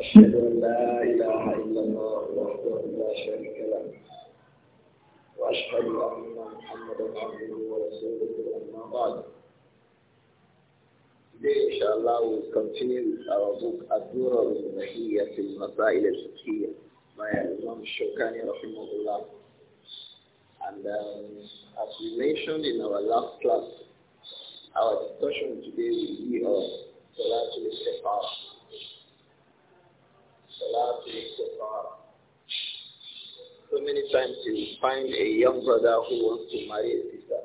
أشهد أن لا إله إلا الله وحده لا شريك له وأشهد أن محمدا عبده ورسوله أما بعد Today, inshallah, we'll continue with our book Adura al-Mahiyya fil Masail al-Fiqhiyya by Imam Shokani rahimahullah. And um, as we mentioned in our last class, our discussion today will be of Salatul Istiqamah Salah to Kufar. So many times you find a young brother who wants to marry a sister.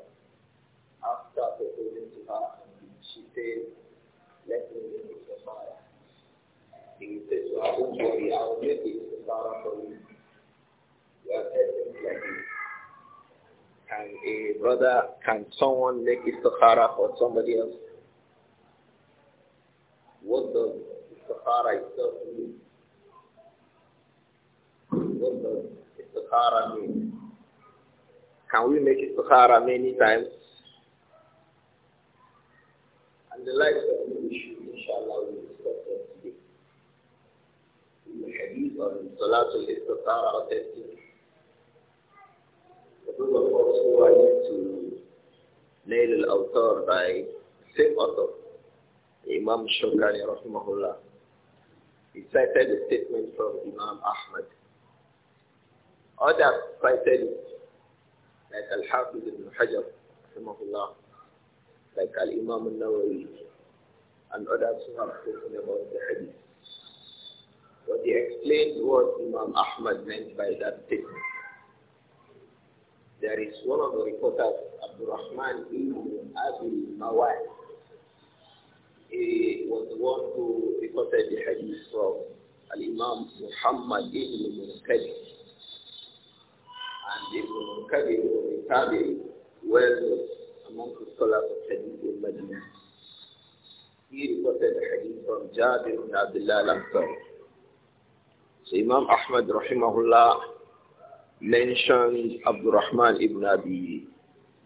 After proposing to her, she says, let me make it Kufar. He says, well, don't worry, I'll make it Kufar for you. You are testing like this. Can a brother, can someone make istikhara for somebody else? What does istikhara itself mean? istikhara mean? Can we make istikhara many times? And the likes of the issue, inshallah, we will discuss them today. In the hadith on Salatul Istikhara authentic, the group of us who are to Nail al author by same author, Imam Shokani Rahimahullah, he cited a statement from Imam Ahmad other cited it, like Al-Hafiz ibn Hajar, rahimahullah, like Al-Imam al-Nawawi, and others who have spoken about the hadith. But he explained what Imam Ahmad meant by that statement. There is one of the reporters, Rahman ibn Abi Mawai. He was the one who reported the hadith from Al-Imam Muhammad ibn Munkadir. Ibn a Tabi, well among the scholars of Hadith in Medina. He reported the Hadith from Jabir ibn Abdullah al-Ansari. So Imam Ahmad rahimahullah mentioned Rahman ibn Abi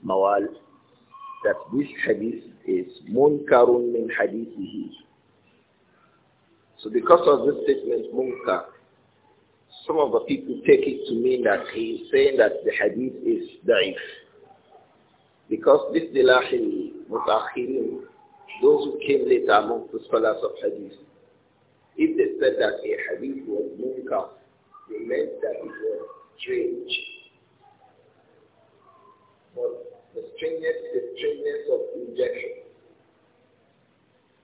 Mawal that this hadith is munkarun min hadithihi. So because of this statement munkar, some of the people take it to mean that he is saying that the hadith is da'if. Because this dilahil muta'akhirin, those who came later among the scholars of hadith, if they said that a hadith was munkar, they meant that it was strange. But the strangeness the strangeness of rejection.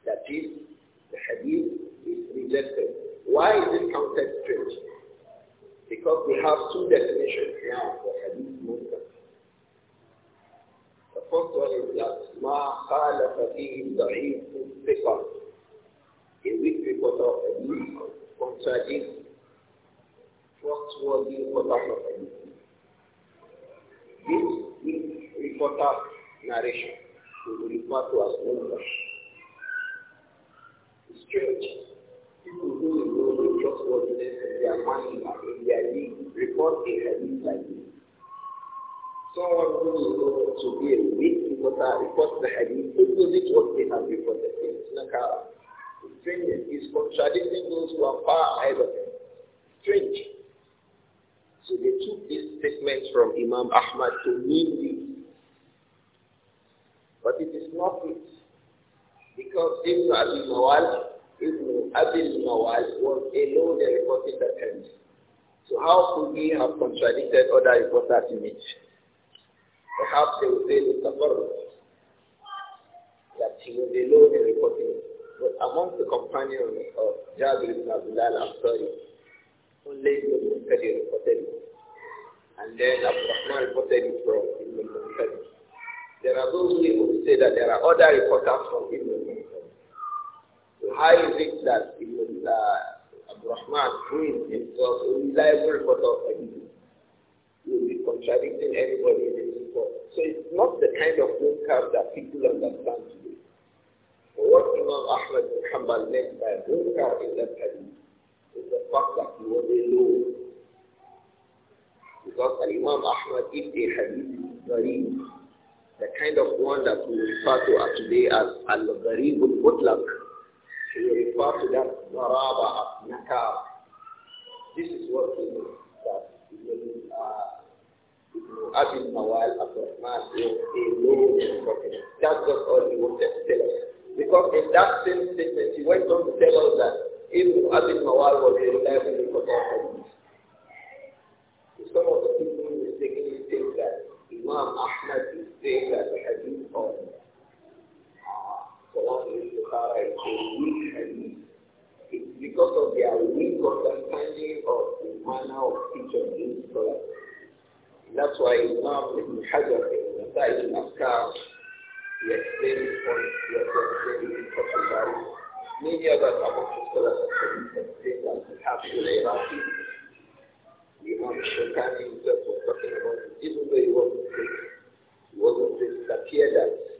That is, the hadith is rejected. Why is it counted strange? Because we have two definitions now for hadith Muslim. The first one is that ma khalafa fihi da'if thiqa. A weak reporter of hadith contradicts trustworthy reporters of hadith. This weak reporter narration we will refer to as Muslim. It's strange people who will go to trustworthiness of their money and in their deed report a hadith like this. Someone who will to be a weak reporter reports the hadith opposite what they have reported. It's like strange, it's contradicting those who are far ahead of him. Strange. So they took this statement from Imam Ahmad to mean this. But it is not it. Because Ibn Abi Mawal Ibn Abil was alone The reporting the hadith. So how could he have contradicted other reporters in it? Perhaps they would say that he was alone in reporting. But among the companions of Jabir ibn Abdullah al-Ansari, only Ibn Muqtadir reported it. And then Abu Rahman reported it from Ibn Muqtadir. There are those who would say that there are other reporters from Ibn Muqtadir. So how is it that Ibn uh, Abdurrahman, who is himself a reliable report of everything, will be contradicting anybody in his report? So it's not the kind of munkar that people understand today. So what Imam Ahmad bin Hanbal meant by munkar in that hadith is the fact that he was alone. Because Imam Ahmad, if a hadith is the kind of one that we refer to today as al-gharib al-mutlaq, he referred to that Maraba as Nakar. This is what he knows that Ibn uh, Abi Nawal Abdurrahman is a low prophet. That's just all he wanted to tell us. Because in that same statement, he went on to tell us that Ibn Abi Nawal was a reliable reporter Some of the people mistakenly think that Imam Ahmad is saying that the hadith of uh, Salah Sahara is weak because of their weak understanding of the manner of teaching these scholars. That's why Imam Ibn Hajar in Nasai in Askar, he explained this point, he also explained it in Fakhuzari. Many other among scholars of Hadith that we have Shulayrati, Imam Shokani himself was talking about it, even though he wasn't sick. He wasn't sick, it appeared that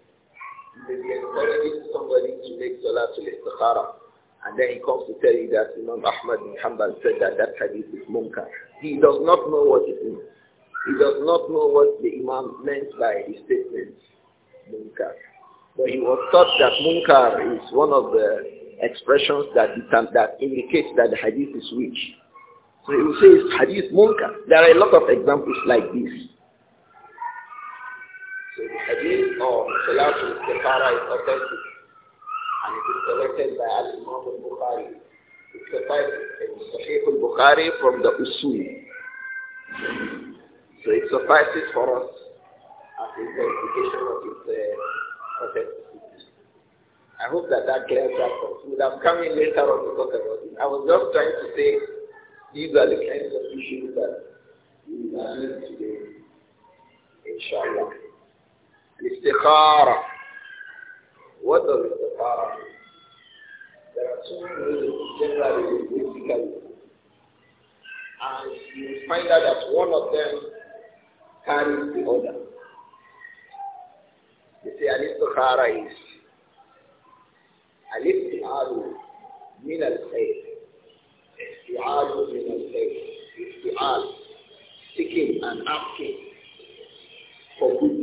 may be somebody to make Salatul Istikhara. And then he comes to tell you that Imam Ahmad bin Hanbal said that that hadith is munkar. He does not know what it means. He does not know what the Imam meant by his statement, munkar. But he was taught that munkar is one of the expressions that, that indicates that the hadith is weak. So he will say it's hadith munkar. There are a lot of examples like this. So or hadith of Salatul Istikhara is authentic and it is collected by Al-Imam al-Bukhari. It suffices in Sahih al-Bukhari from the Usul. So it suffices for us as verification of its uh, authenticity. I hope that that clears that up. We will have come in later on to talk about it. I was just trying to say these are the kinds of issues that we will address today, inshallah. Istikhara. What does istikhara mean? There are two And you find out that one of them carries the other. You see, al-istikhara is al-istiharu min al-khayr. Istiharu min al-khayr. Istiharu. Seeking and asking for good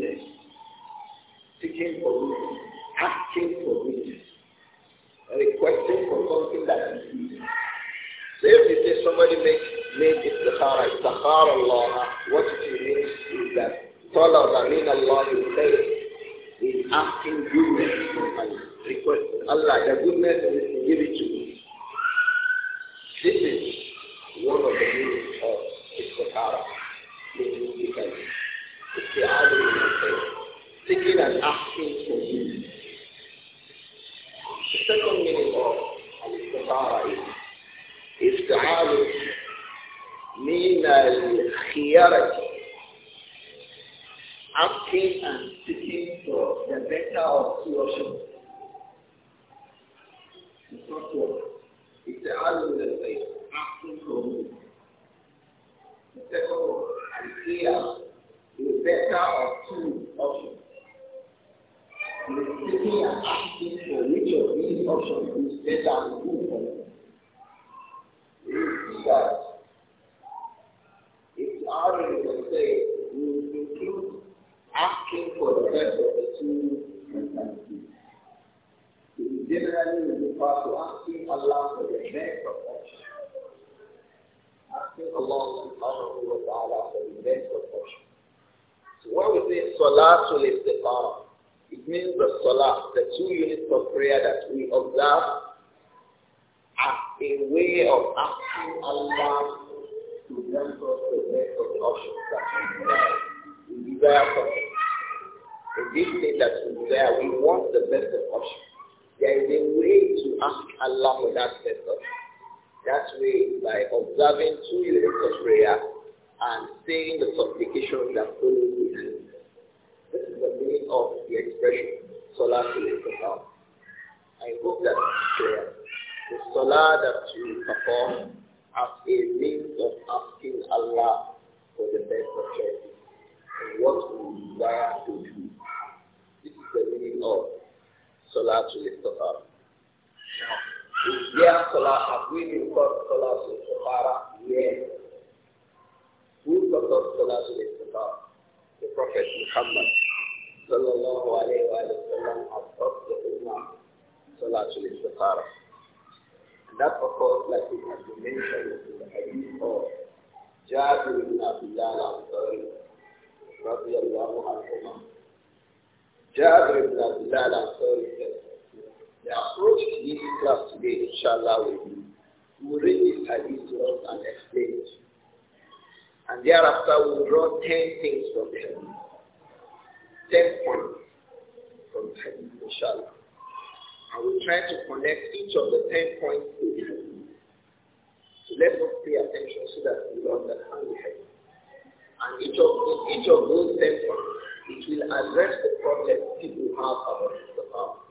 seeking for goodness, asking for goodness, requesting for something that is needed. So if you say somebody makes made istikhara, istikhara Allah, what it means is that طلب Allah الله الخير is asking goodness from Allah, request Allah, the goodness is to give it to me. This is one of the meanings of istikhara. It is the seeking and asking for you. The second meaning of al-istihara is istiharu min al-khiyarati. Asking and seeking for the better of two options. The first one is the other that is asking for you. The second one, and here, the better of two options. Taking and asking for which of these options is better and good for you. You see that if the argument say we include asking for the best of the two alternatives. It generally refers to asking Allah for the best of options. Asking Allah subhanahu wa ta'ala for the best of options. So when we say Salatul Istiqamah, it means the salah, the two units of prayer that we observe as a way of asking Allah to grant us the best of options that we desire. for us. In that we desire, we want the best of options. There is a way to ask Allah for that best option. That way, by observing two units of prayer and saying the supplication that follows this is the meaning of the expression Salatul Iqam. I hope that prayer, the Salah that you perform as a means of asking Allah for the best of charity and what we desire to do. This is the meaning of Salatul Iqam. Is there Salah, have we been called Salatul Iqam? Yes. Who taught us Salatul Prophet Muhammad sallallahu alayhi wa sallam the Ummah Salatul Istikhara. And that course like it has been mentioned in the hadith of Jabir ibn Abdullah ansari anhu. Jabir ibn Abdullah ansari said, the approach to this class today, inshallah, will be to read this hadith to us and explain it. And thereafter we will draw ten things from heaven. Ten points from heaven, hadith, inshallah. we try to connect each of the ten points to So let us pay attention so that we will understand the have. And each of, those, each of those ten points, it will address the problem people have about the power.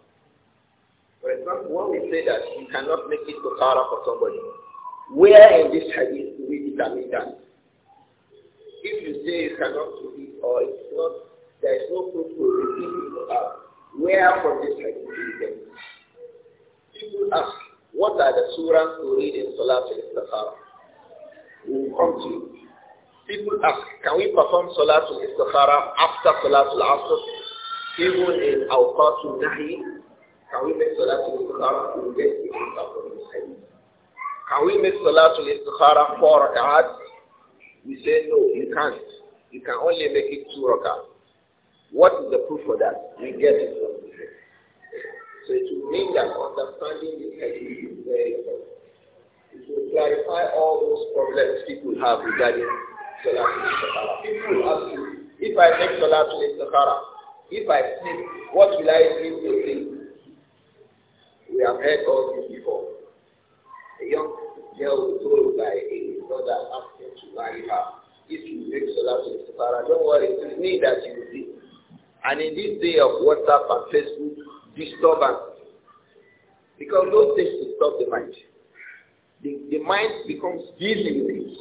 For example, when we say that you cannot make it to Tara for somebody, where in this hadith do we determine that? If you say you cannot do it or it's not, there is no proof to repeat it Where from this read them? People ask, what are the surahs to read in Salat al We will come to you. People ask, can we perform Salat al after Salat al-Asr? Even in our of Nahi, can we make Salat al-Istikhara? We will get the answer from this Can we make Salat al-Istikhara four rak'ahs? We say, no, you can't. You can only make it two rakah. What is the proof for that? We get it from the text. So it will mean that understanding the text is very important. It will clarify all those problems people have regarding Salatul Istikhara. People ask you, if I make Salatul Istikhara, if I sleep, what will I sleep to sleep? We have heard all this before. A young girl told by a brother asking to marry her, if you make Salah to Sahara, don't worry, it is me that you see. And in this day of WhatsApp and Facebook, disturbance, because those things stop the mind. The, the mind becomes busy with it.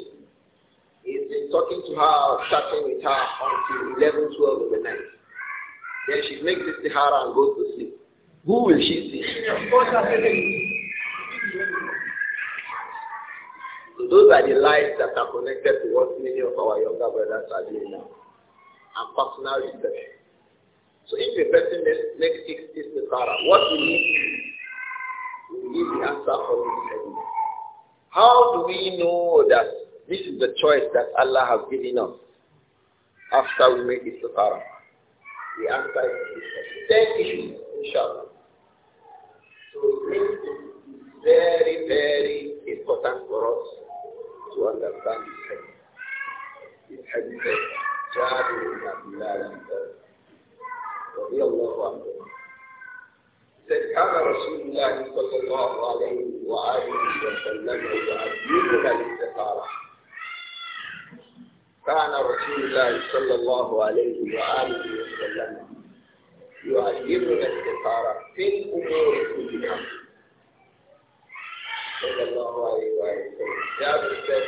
It's talking to her, chatting with her until eleven, twelve 12 of the night. Then she makes the Sahara and goes to sleep. Who will she see? those are the lies that are connected to what many of our younger brothers are doing now. And personal deception. So if a person makes six is the Sarah, what we need we need the answer for this How do we know that this is the choice that Allah has given us after we make it Sarah? The answer is ten inshallah. So this is very, very important for us ولا كان الحديث جابر بن عبد الله رضي الله عنه استجاب رسول الله صلى الله عليه وآله وسلم يعلمنا الاستخارة كان رسول الله صلى الله عليه وآله وسلم يعلمنا الاستخارة في الأمور كلها صلى الله عليه وسلم جابر said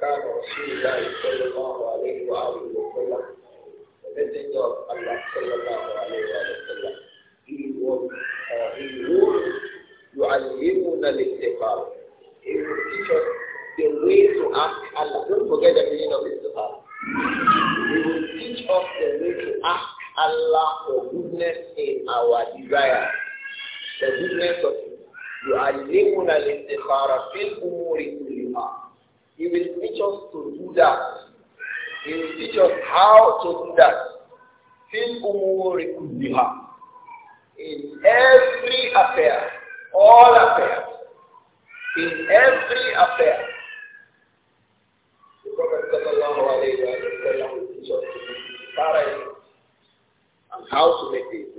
كان رسول الله صلى الله عليه وآله وسلم the messenger of Allah صلى الله عليه وسلم he was uh, he will, يعلمنا الاستغفار he would teach us the way to ask Allah don't forget the meaning of istighfar he will teach us the way to ask Allah for goodness in our desires. the goodness of يعلمنا الافتخار في الأمور كلها. He will teach us to do that. He will teach us how to do that. في الأمور كلها. In every affair, all affairs, in every affair. The Prophet sallallahu alayhi wa sallam will teach us to be and how to make it.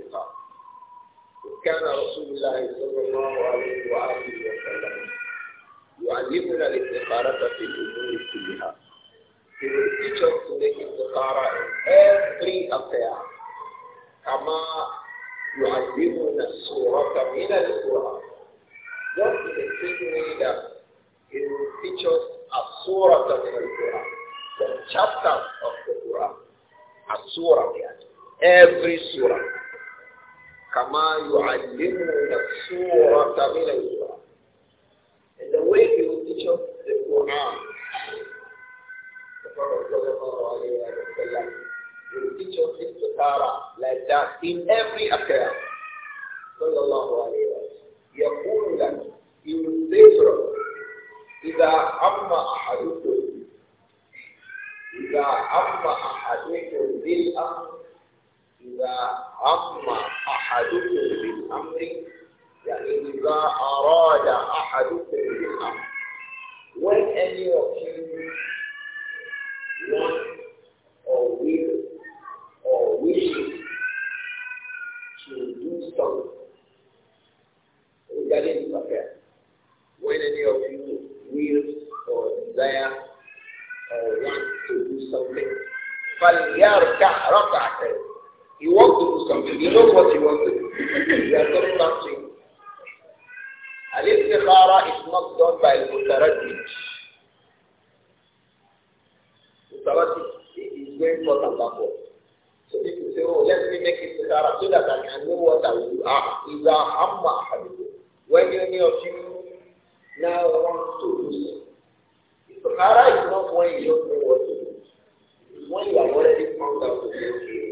كان رسول الله صلى الله عليه وآله وسلم يعلمنا الاستخارة في الأمور كلها. He will teach us to make istikhara in every affair. كما يعلمنا السورة من القرآن. Just in the same way that he will teach us السورة من القرآن. The chapters of the Quran. السورة يعني. Every surah. كما يعلمون السورة من القرآن And the way he will teach us the Quran, the Prophet will teach us this Torah like that in every affair. صلى الله عليه وسلم يقول لك he will say to us إذا هم أحدكم إذا هم أحدكم بالأمر إذا هم أحدكم بالأمر يعني إذا أراد أحدكم بالأمر when any of you want or will or wishes to do something regarding this affair, when any of you will or desire or want to do something, فليركع ركعتين You want to do something. You know what you want to do. You are doing something. to him. Al-Istikhara is not done by Mutaraddid. Mutaraddid is going forth and backward. So people say, oh, let me make Istikhara so that I can know what I will do. Ah, is a hamma When any of you now want to do something. Istikhara is not when you don't know what to do. It's when you are already found out to be okay.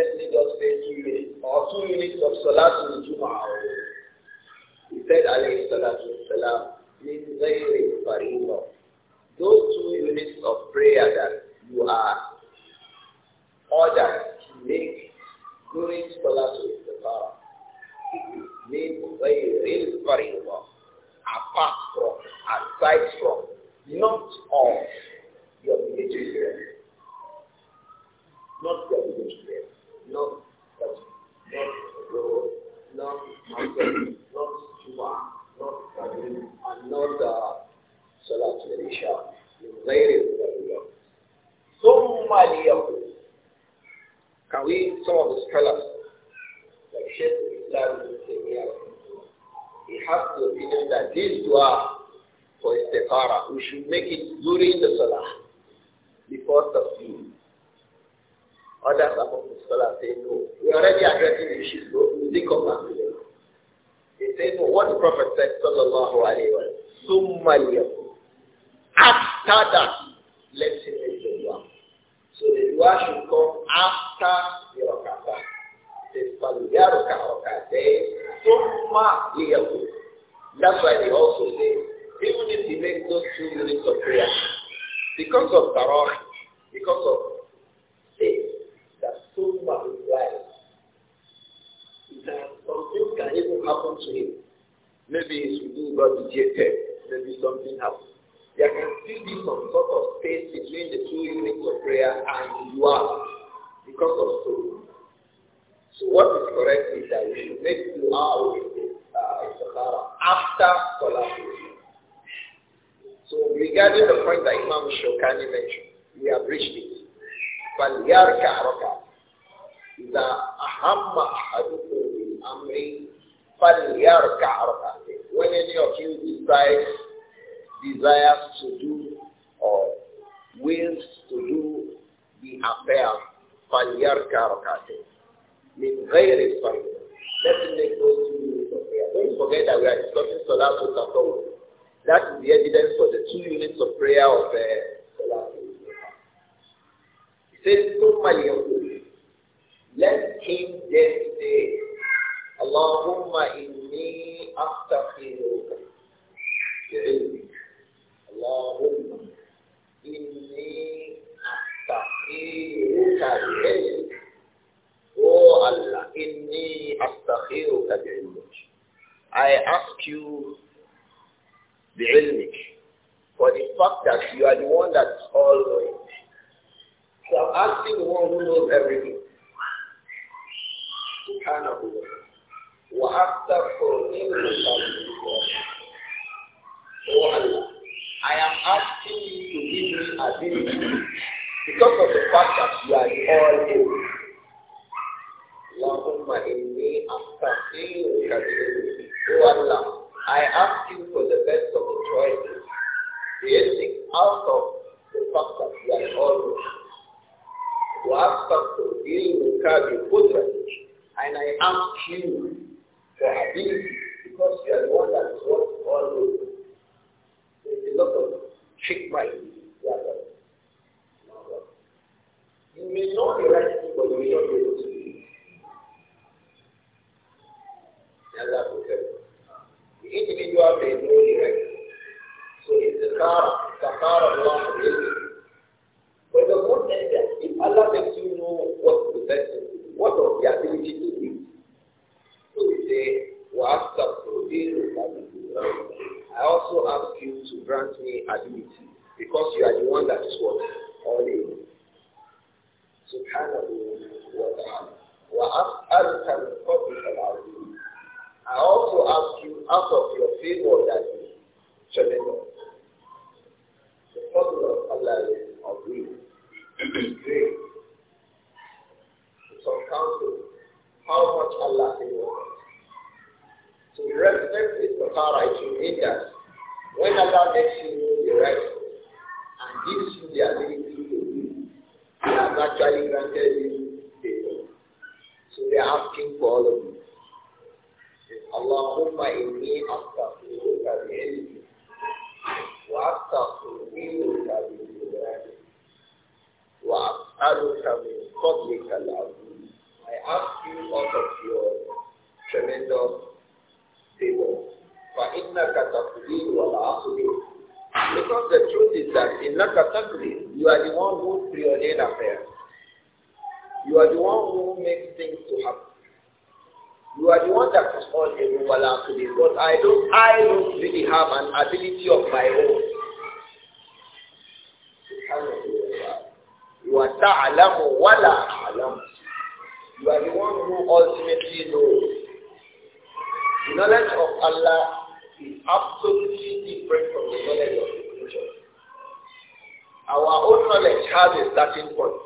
let just say two minutes or two minutes of Salatul Jum'ah. He said, alayhi salatu salam, min ghayri faridah. Those two units of prayer that you are ordered to make during Salatul means very ghayri faridah, apart from, aside from, not of your military prayer. Not your military prayer. Not such not road, not mountain, not suba, not garden, and not uh, salat al-isha. غير الضرورة ثم Can we, some of the scholars, like Sheikh Islam he has the opinion that this dua for istikhara, we should make it during the salah, before the food. Others among the scholars say no. We already addressing the issues, so we think of that. They say no. What the Prophet said, sallallahu alayhi wa sallam, after that, let us make the dua. So the dua should come after the rakata. That's why they also say, even if he makes those two units of prayer, because of Tarah, because of Some things can even happen to him. Maybe he his wudu got dejected. Maybe something happens. There can still be some sort of space between the two units of prayer and you are because of so. So what is correct is that we should make dua with uh, after collaboration. So regarding the point that Imam Shokani mentioned, we have reached it. فَلْيَرْكَ رَكَعَ إِذَا أَهَمَّ أَحَدُكُمْ amri فَلْيَرْكَعْ رَكَعْتَيْنِ When any of you decides, desires to do or wills to do the affair, فَلْيَرْكَعْ رَكَعْتَيْنِ مِنْ الصَّلِحِ Let's make those two Don't forget that we are discussing Salatul Tafawud. That is the evidence for the two units of prayer of uh, Salatul He says, ثُمَّ Let him then say, Allahumma inni astaghfiruka bi'ilmik. Allahumma inni astaghfiruka bi'ilmik. Oh Allah, inni astaghfiruka bi'ilmik. I ask you bi'ilmik for the fact that you are the one that's all knowing. So I'm asking the one who knows everything. Subhanahu wa ta'ala after forgiving I am asking you to give me ability because of the fact that you are all in. I ask you for the best of the choices, creating out of the fact that you are all ask able. وأستغفر دينك بقدرتك and I ask you your ability because you are one that is all know. There's a lot of trick mind. You may know the right but you may not able to do Allah protect. The individual may know right So it's the car, the car of Allah really. But the good thing is Allah makes you know what the best what of the ability to do, we I also ask you to grant me ability because you are the one that is what? All in. I also ask you out of your favor that is tremendous. The fadl of Allah is عظيم. Great. Some counsel, how much Allah favors to reference it for Tara, it will when Allah makes you the right and gives you the ability to do, He has actually granted you favor. So they are asking for all of you. اللهم إني أستغفرك بعلمي وأستغفرك بجلالك وأسألك من فضلك العظيم I ask you out of your tremendous because the truth is that in Nakatakri, you are the one who preordain affairs. You are the one who makes things to happen. You are the one that is all able to be. but I don't, I don't really have an ability of my own. You are ta'alamu wa la You are the one who ultimately knows. The knowledge of Allah is absolutely different from the knowledge of the creatures. Our own knowledge has a starting point.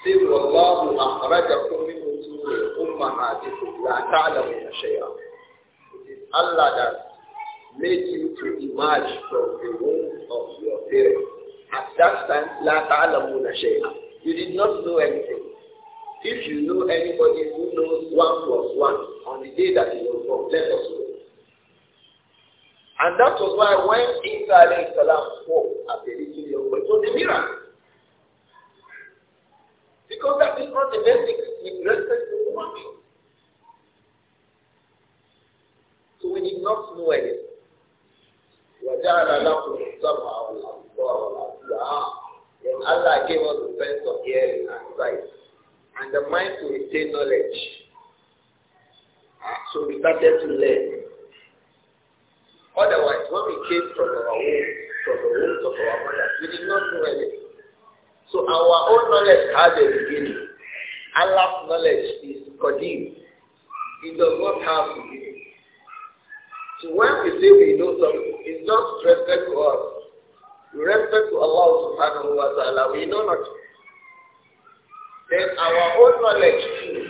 It says, وَاللَّهُ أَخْرَجَكُمْ مِنْ أُمَّهَاتِكُمْ لَا تَعْلَمُونَ شَيْئًا It is Allah that made you to emerge from the womb of your parents. At that time, لَا تَعْلَمُونَ شَيْئًا You did not know anything. If you know anybody who knows one plus one on the day that he was born, let us know. And that was why when Isa alayhi salam spoke at the little young boy, it was a miracle. Because that is not the basic with respect to human beings. So we did not know anything. وَجَعَلَ لَكُمُ السَّمْعَ وَالْأَبْصَارَ وَالْأَفْئِدَةَ Then Allah gave us the sense of hearing and sight and the mind to retain knowledge. So we started to learn. Otherwise, when we came from our womb, from the womb of our mother, we did not know anything. So our own knowledge has a beginning. Allah's knowledge is Qadim. It does not have beginning. So when we say we know something, it's not respect to us. We respect to Allah subhanahu wa ta'ala. We know not then our own knowledge too,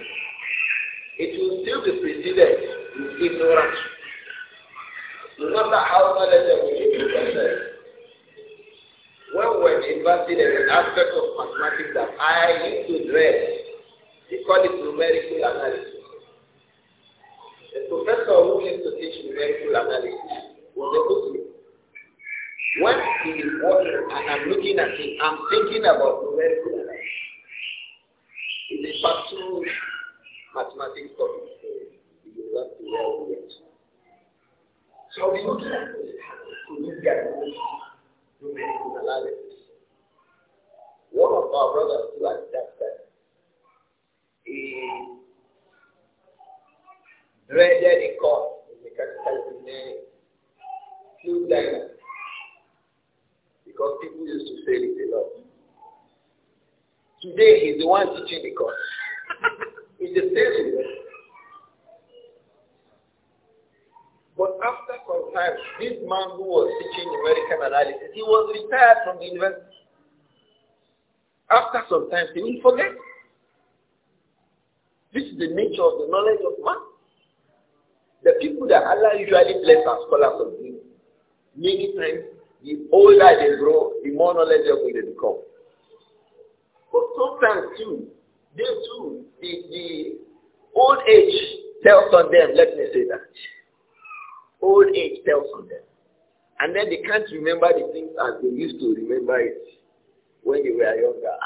it will still be preceded with ignorance. No matter how knowledgeable you possess, when we invested in an aspect of mathematics that I used to dread. He called it numerical analysis. The professor who used to teach numerical analysis was a Muslim. When he is working and I'm looking at him, I'm thinking about numerical analysis. Back to mathematics topic. so you have to well do it. So we look at to look at numerical analysis. One of our brothers who at that time, he dreaded a course in mechanical engineering few times because people used to say it a lot. Today he's the one teaching the course. it's the same. thing. But after some time, this man who was teaching numerical analysis, he was retired from the university. After some time, he will forget. This is the nature of the knowledge of man. The people that Allah usually bless as scholars of many times, the older they grow, the more knowledgeable they become. But sometimes too, they too, the, the old age tells on them, let me say that. Old age tells on them. And then they can't remember the things as they used to remember it when they were younger.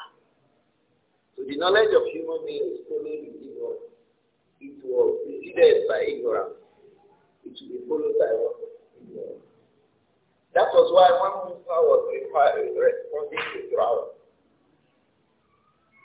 So the knowledge of human beings is following is ignorance. It was preceded by ignorance. It should be followed by Ignorance. That was why one power was responding to Pharaoh,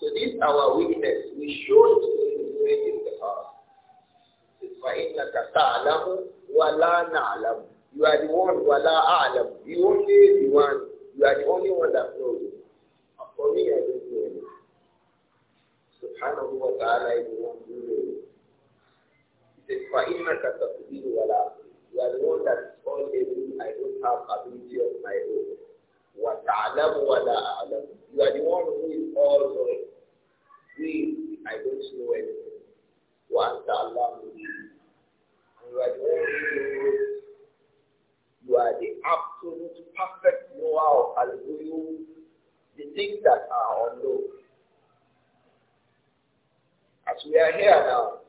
So this our weakness, we should do it in the past. فَإِنَّكَ تَعْلَمُ وَلَا نَعْلَمُ You are the one, وَلَا أَعْلَمُ You only the one, you are the only one that knows. And for me, I don't know anything. Subhanahu wa ta'ala is the one who knows. He said, فَإِنَّكَ تَقْدِيرُ وَلَا You are the one that is all able, I don't have ability of my own. وَتَعْلَمُ وَلَا أَعْلَمُ You are the one who is all knowing. I don't know anything. What Allah will You are the only You are the absolute perfect know all of Al-Ghuyub, the things that are unknown. As we are here now,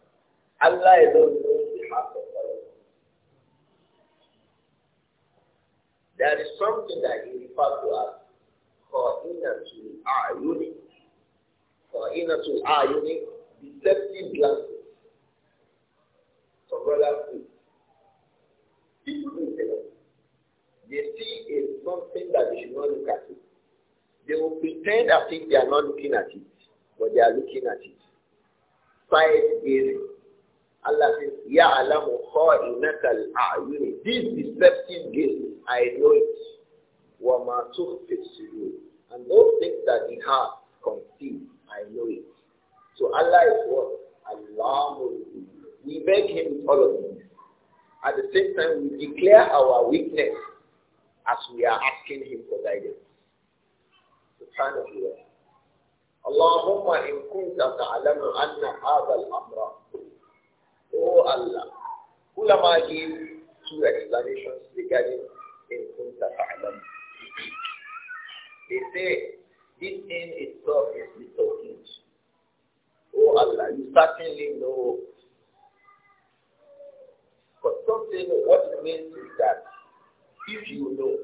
Allah alone knows the heart of all There is something that he refers to as are A'yunik. Ah, you need deceptive glances. So brothers, people will say that. They see is something that they should not look at it. They will pretend as if they are not looking at it, but they are looking at it. Five is Allah says, Ya alamu kha'inatal a'yuni. This deceptive gaze, I know it. Wa ma And those things that the has conceals, I know it. So Allah is what? Allah We beg him with all of this. At the same time, we declare our weakness as we are asking him for guidance. The Subhanahu wa Allahumma in kunta ta'lamu anna hadha al-amra. Oh Allah. Ulama give two explanations regarding in kunta ta'lamu. They say this thing itself is little things. Oh Allah, you certainly know. But something, what it means is that if you know,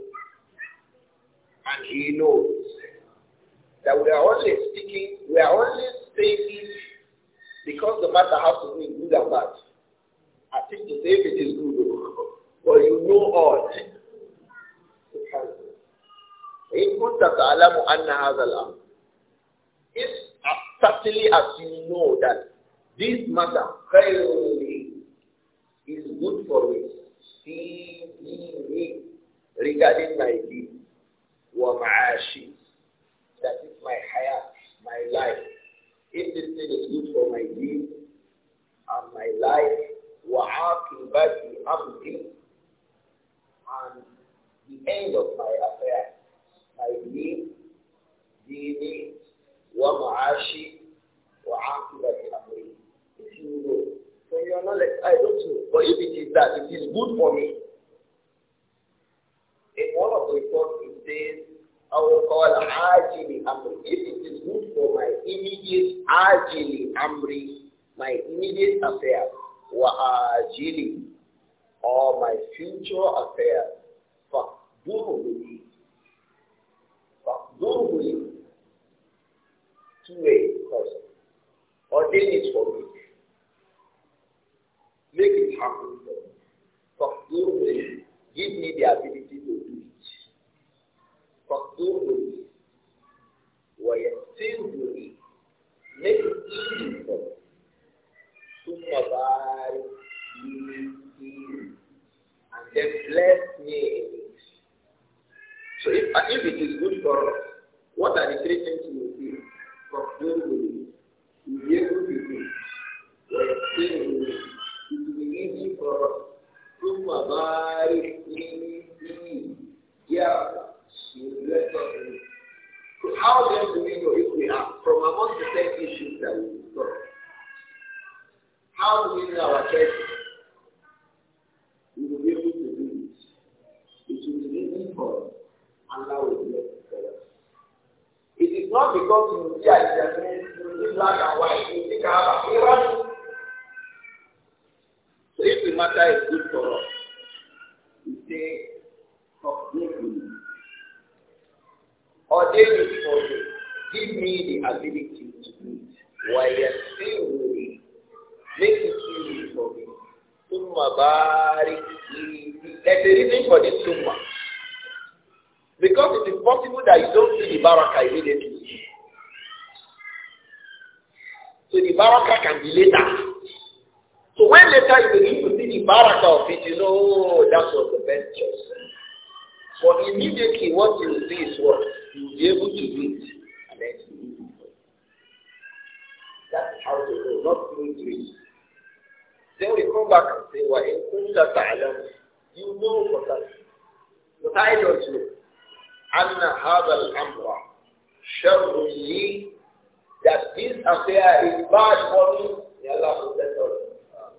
and he knows, that we are only speaking, we are only saying because the matter has to be good and bad. I think to say if it is good, but you know all. It is كنت as certainly as you know that this matter clearly is good for me. See me regarding my deed wa ma'ashi. That is my hayat, my life. If this thing is good for my deed and my life, wa akibati amri and the end of my affair. علمي ديني ومعاشي وعاقبة أمري if you know from your knowledge I don't know but if it is that it is good for me in one of the reports it says أو قال عاجل أمري if it is good for my immediate عاجل أمري my immediate affairs وعاجلي or my future affairs فاقدروا به normally two way course. Ordain it for me. Make it happen for me. Fakdurni. Give me the ability to do it. Fakdurni. ويسرني make it easy for me. ثم بارك لي and then bless me So if, if it is good for us, what are the three things you will do from doing belief? You will be able to do. When saying belief, it will be easy for us. Proof abide in Yeah, so let us in So how then do we know if we are from among the same issues that we discussed? How do we know our church It's not because you see Aljamin, you see black and white, you see Kaaba, you run. So if the matter is good for us, we say, completely, ordain it for you. Give me the ability to do it. While you still doing make it easy for me. Summa barik There's a reason for this summa. Because it is possible that you don't see the baraka immediately. So the baraka can be later. So when later you begin to see the baraka of it, you know, oh, that was the best choice. But immediately what you will see is what? You will be able to do it and then you will it. That's how to go, not through dreams. Then we come back and say, well, in Kunta Ta'alam, you know what that. But I don't know. أن هذا الأمر شر لي that this affair is bad for me, Allah protect us.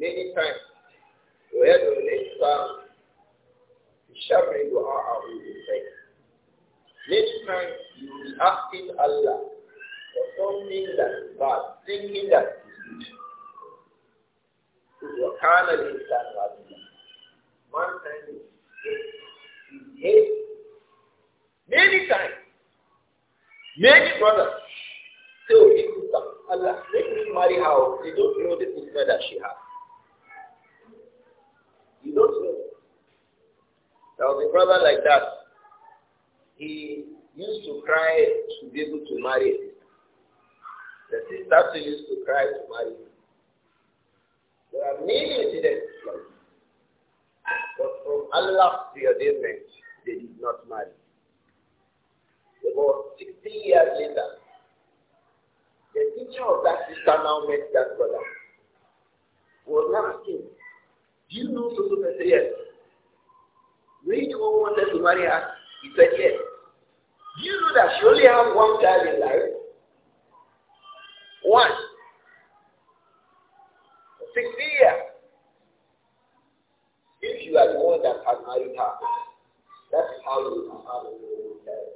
Many times, you hear the nation, Shari Du'a Next time you will ask in Allah for something that is bad, thinking that is good. وكان الإنسان عظيما Man times, he hates many times. Many brothers say, oh, this sister, Allah, make me marry her. They don't know the sister that she has. You don't know. There was a brother like that. He used to cry to be able to marry a sister. The sister too used to cry to marry him. There are many incidents like this. But from Allah's preordainment, they did not marry about 16 years later. The teacher of that sister now met that brother. Was asking, Do you know so so yes? When you wanted to marry her, he said yes. Do you know that she only has one child in life? One. 16 years. If you are the one that has married her, that's how you have a child.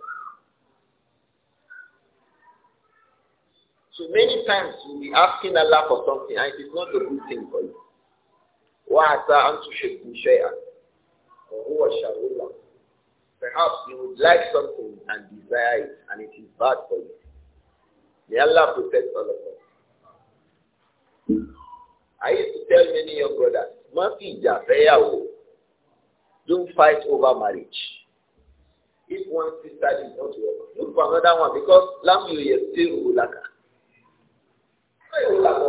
So many times you'll be asking Allah for something and it is not the good thing for you. وَعَسَىٰ أَن تُشْرِكُوا شَيْئًا وَهُوَ شَرٌّ لَكُمْ Perhaps you would like something and desire it and it is bad for you. May Allah protect all of us. I used to tell many young brothers, don't fight over marriage. If one sister is not work, look for another one because you, Yuyesiru Laka. ìlànà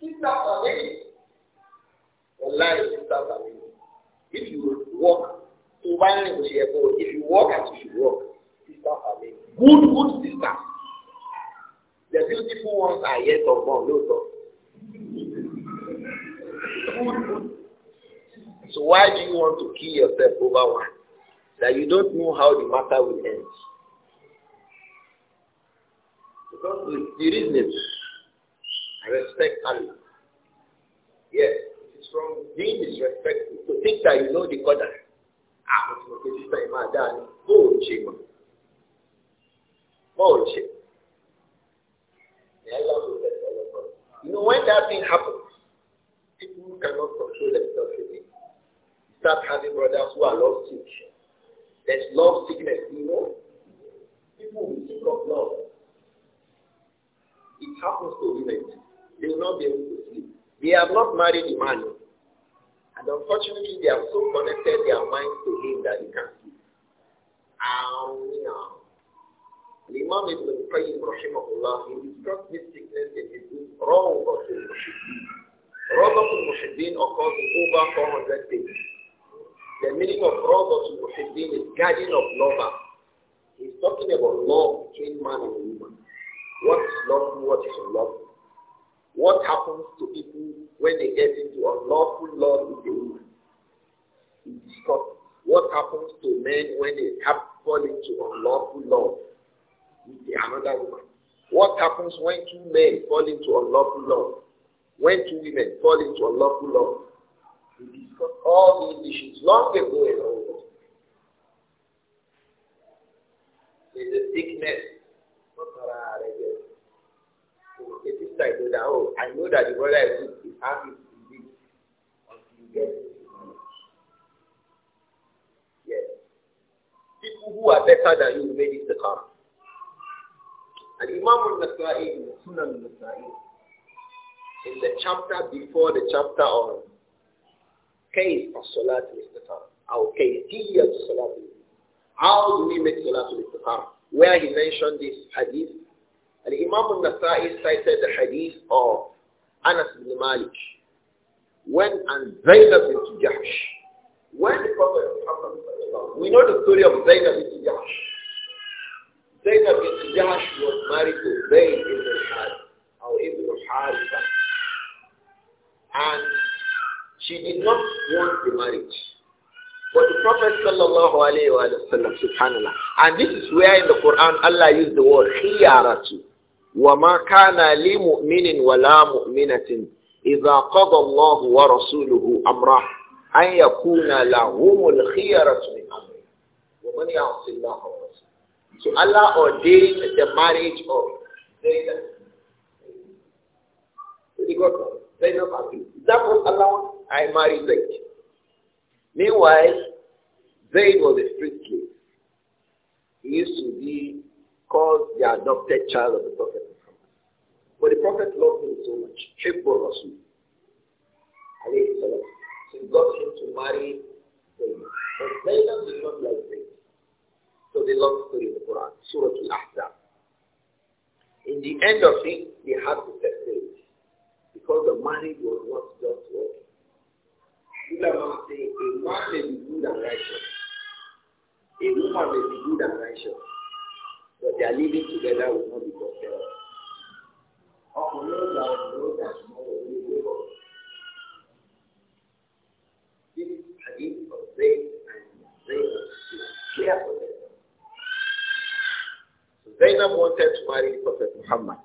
ìgbà mẹ́wàá títà àmì online if you work tó bá ní ìwòsàn if you work as you should work títà good good títà the beautiful ones are yet unborn lóòótọ́. So why do you want to kill yourself over one that you don't know how the matter will end? Because with the reason, I respect Allah. Yes, it's from being disrespectful to think that you know the Qadar. Ah, but you know, sister Ima Adani, go on Shema. Go on You know, when that thing happens, people cannot control themselves again. You start having brothers who are love sick. There's love sickness, you know. People will sick of love. It happens to women. They will not be able to sleep. They have not married the man. And unfortunately, they are so connected their minds to him that they can't sleep. Um, yeah. Imam Ibn Qayyim rahimahullah, he discussed this sickness in his book, Rawdatul Mushiddin. Rawdatul Mushiddin occurs in over 400 pages. The meaning of Rawdatul Mushiddin is guardian of lover. He's talking about love between man and woman. What is lawful, what is unlawful. What happens to people when they get into unlawful love with a woman? We discuss what happens to men when they fall into unlawful love with another woman. What happens when two men fall into unlawful love? When two women fall into unlawful love? We discussed all these issues long ago and over. There's a sickness sister know that. oh, I know that the brother is good, he's happy to be until you get Yes. People who are better than you made it to come. And Imam al-Nasra'i in Sunan al-Nasra'i, in the chapter before the chapter on case of salat al-Istiqam, or Kaysiyya al-Salat al-Istiqam, how do we make Salat al-Istiqam? Where he mentioned this hadith Al-Imam al-Nasai cited the hadith of Anas bin Malik when and Zainab bin Jahsh. When the Prophet we know the story of Zainab bin Jahsh. Zainab bin Jahsh was married to Zayn ibn al or ibn al-Haritha. And she did not want the marriage. But the Prophet sallallahu alayhi wa sallam subhanallah. And this is where in the Quran Allah used the word khiyaratu. وَمَا كَانَ لِمُؤْمِنٍ وَلَا مُؤْمِنَةٍ إِذَا قَضَى اللَّهُ وَرَسُولُهُ أَمْرَهُ أَنْ يَكُونَ لَهُمُ الْخِيَرَةُ مِنْ أَمْرِهِ وَمَنْ يَعْصِ اللَّهَ وَرَسُولُهُ So Allah ordained the marriage of Zainab. That was I married Zainab. Meanwhile, Zaid was a street kid. He used to be called the adopted child of the Prophet But the Prophet loved him so much. Hibbul Rasul. So he got him to marry Zainab. But they did not like Zainab. So they long story in the Quran, Surah Al-Ahzab. In the end of it, they had to separate because the marriage was not just working. Ulama say a man may be good and righteous. A woman may be good and righteous. But their living together will not be prosperous. Ọkùnrin ọ̀gá ọ̀dọ́ ọ̀gá ìmọ̀wé of and Zayd is clear for them. Zainab wanted to marry the Prophet Muhammad.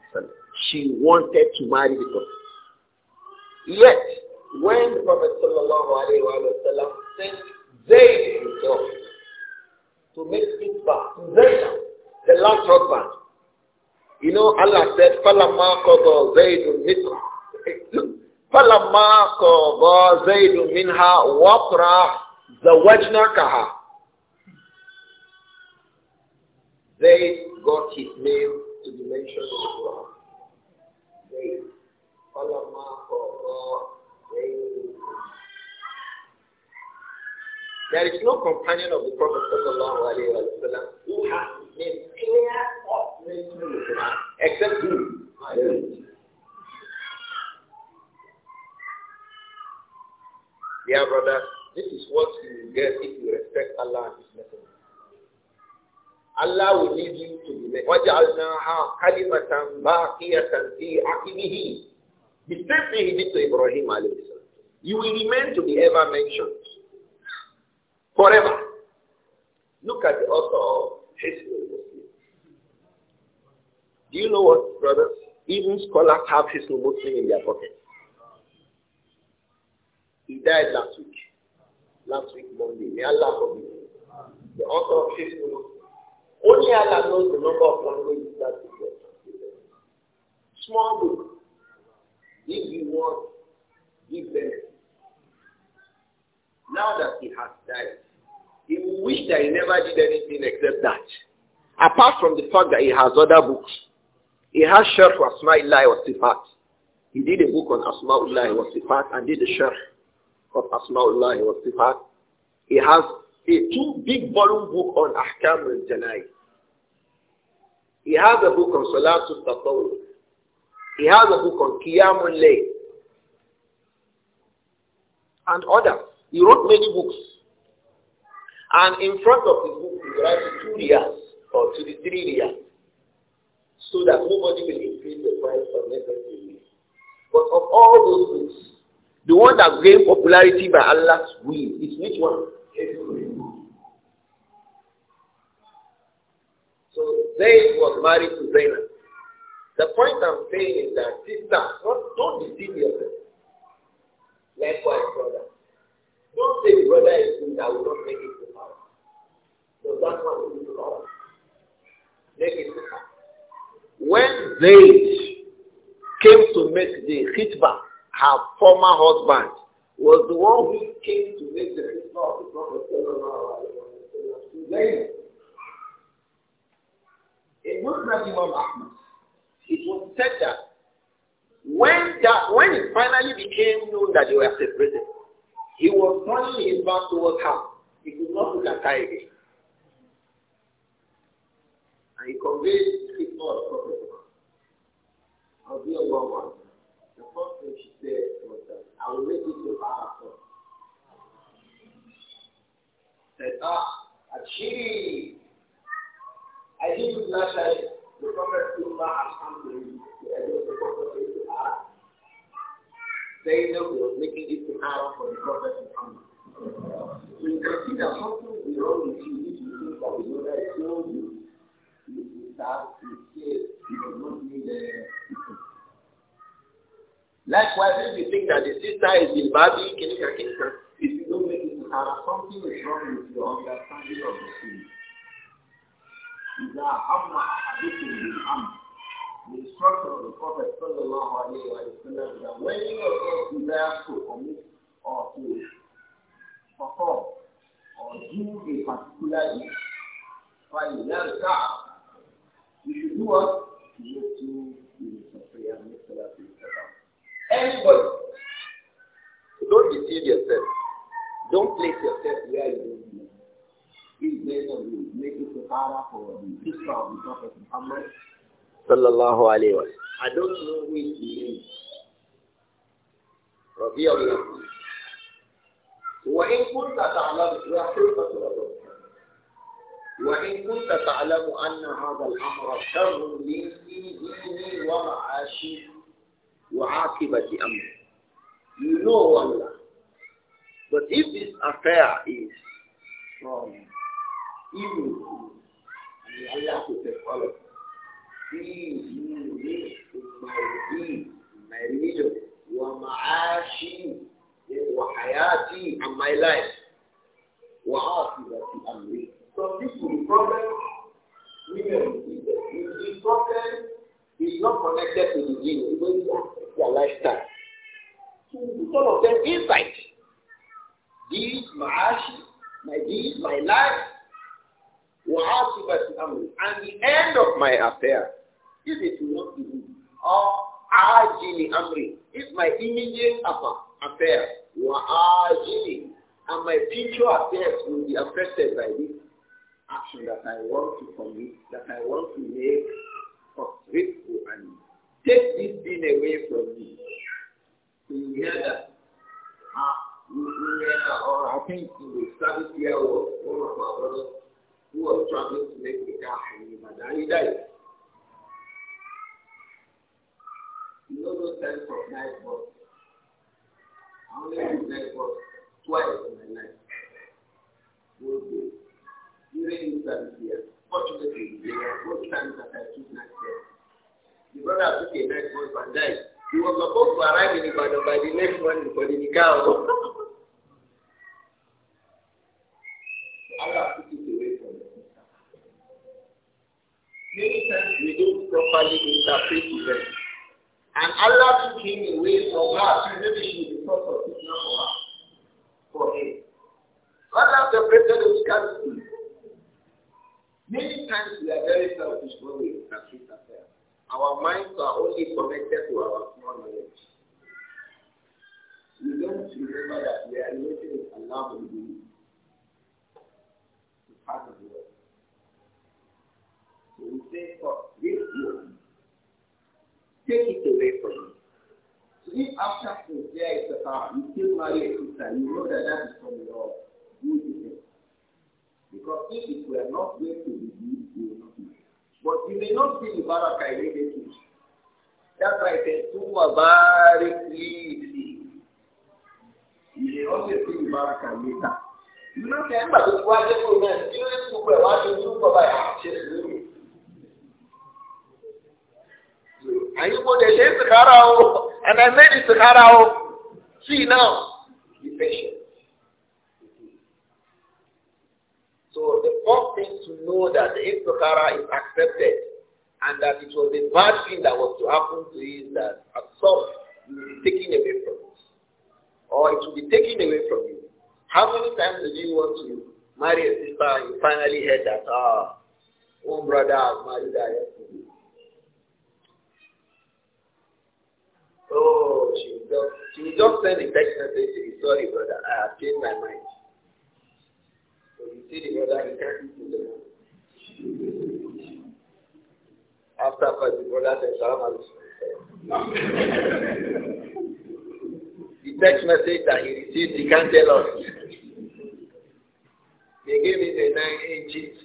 She wanted to marry the Prophet. Yet, when the Prophet sent Zayd himself to make it back to Zainab, the last husband. You know, Allah said, فَلَمَّا قَضَى زَيْدٌ مِنْهَا فَلَمَّا قَضَى زَيْدٌ مِنْهَا وَطْرَ زَوَجْنَاكَهَا They got his name to be mentioned in the Quran. They, فَلَمَّا قَضَى There is no companion of the Prophet ﷺ who has except you. Dear brother, this is what you get if you respect Allah and His Messenger. Allah will lead you to be made. وَجَعَلْنَاهَا كَلِمَةً بَاقِيَةً فِي عَقِبِهِ The same thing he did to Ibrahim alayhi You will remain to be ever mentioned. Forever. Look at the author of do you know what, brothers? Even scholars have his Muslim in their pocket. He died last week. Last week, Monday. May Allah forgive him. The author of his Muslim. Only Allah knows the number of languages that he wrote. Small book. If you want, give them. Now that he has died, he wished wish that he never did anything except that. Apart from the fact that he has other books. He has Sharh for Asma'illah wa Sifat. He did a book on Asma'ullah wa Sifat and did a Sharh of Asma'ullah wa Sifat. He has a two big volume book on Ahkam al-Janai. He has a book on Salatul Tatawur. He has a book on Qiyamul Layl. And other. He wrote many books. And in front of the book, he writes two years or to the three years, so that nobody will increase the price unnecessarily. But of all those books, the one that gained popularity by Allah's will is which one? So Zayd was married to Zainab. The point I'm saying is that sisters, don't deceive yourself. Likewise, brother. Don't say brother is good, I will not make it when they came to make the hitba, her former husband, was the one who came to make the hitba. of the Prophet Zayd. It was not Imam Ahmad. It was said that when that when it finally became known that they were separated, he was running his back towards her. He could not look at her again. And he conveyed the fitna of Prophet Muhammad. Of one The first thing she said was that I will make it to Arafat. Said, ah, achieve. I think not last night. The Prophet Umar Alhamdulillah. The Prophet Umar. was making it to Arafat for the Prophet Muhammad. So you can see that something is wrong with you if you think that the mother is you. Likewise, if you think that the sister is in Babi, Kinika, Kinika, if you don't make it haram, uh, something is wrong with your understanding of the sin. إذا أمر أحدكم بالأمر the instruction of the Prophet sallallahu alayhi wa sallam that when you are desire to commit or to perform or do a particular thing, deed, فَلْيَرْكَعْ You should do what? You prayer and make salah to Anybody. Don't deceive yourself. Don't place yourself where you don't know. Please make you making sahara for the sister of the Prophet Muhammad. Sallallahu alayhi wa I don't know which he is. رضي وإن كنت تعلم وإن كنت تعلم أن هذا الأمر شر لي في ديني ومعاشي وعاقبة أمري. You know Allah. But if this affair is from evil, and Allah protect all of us. Please, you need my deen, my religion, ومعاشي وحياتي and my life. وعاقبة أمري. Some people, problem, women, the problem is not connected to the gene, affect their lifestyle. So all of them inside. This, my ash, my deeds, my life, and the end of my affair, if it will not be Or our gene amri, is my immediate affair, wa ajili, and my future affairs will be affected by this action that I want to commit, that I want to make grateful and take this thing away from me. So ah, you hear that? Or I think in the service here was one of our brothers who was traveling to make the car in Ibadan. He died. You know those times of night bus. I only did night twice in my life. days. Fortunately, they were both times that I took night care. The brother took a night bus and died. He was supposed to arrive in Ibadan by next morning for the Allah took it away from the Many times we don't properly interpret events. And Allah took him away from her. So maybe she will be cause for her. For him. Allah separated the Nikah Many times we are very selfish when we look at this affair. Our minds are only connected to our small knowledge. We don't remember that we are related with Allah and the to part of the world. So we say, for oh, this one, take it away from me. So if after sincere is a power, you still marry a sister, you know that that is from the Lord. You because if it were not going to be you, you will not But you may not see the baraka immediately. That's why it says, Tumma barikli. You may always see the baraka later. You know, remember, this was a man. you know, this woman, why did you go by action? And you go, they say, Sakhara, oh, and I made it Sakhara. Oh. See now, be patient. So the first thing to know that the istikhara is accepted and that it was a bad thing that was to happen to you is that a some will be taken away from it. Or it will be taken away from you. How many times did you want to marry a sister and you finally heard that, ah, one brother has married her yesterday? Oh, she will just, she just send a text message, sorry brother, I have changed my mind. After first, the brother said, Salam The text message that he received, he can't tell us. They gave him a nine inches.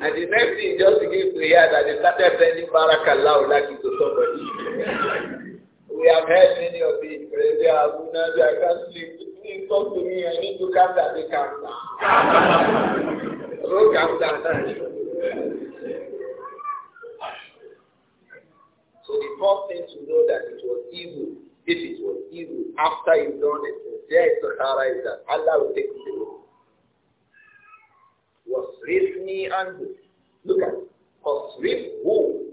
And the next thing just to give to hear that they started sending Barakallahu like to somebody. we have heard many of these. They are, I can't sleep. Please to me. I need to calm down. They calm down. Don't So the first thing to know that it was evil, if it was evil, after you done it, there is Sahara is that Allah will take it Was me and look at was who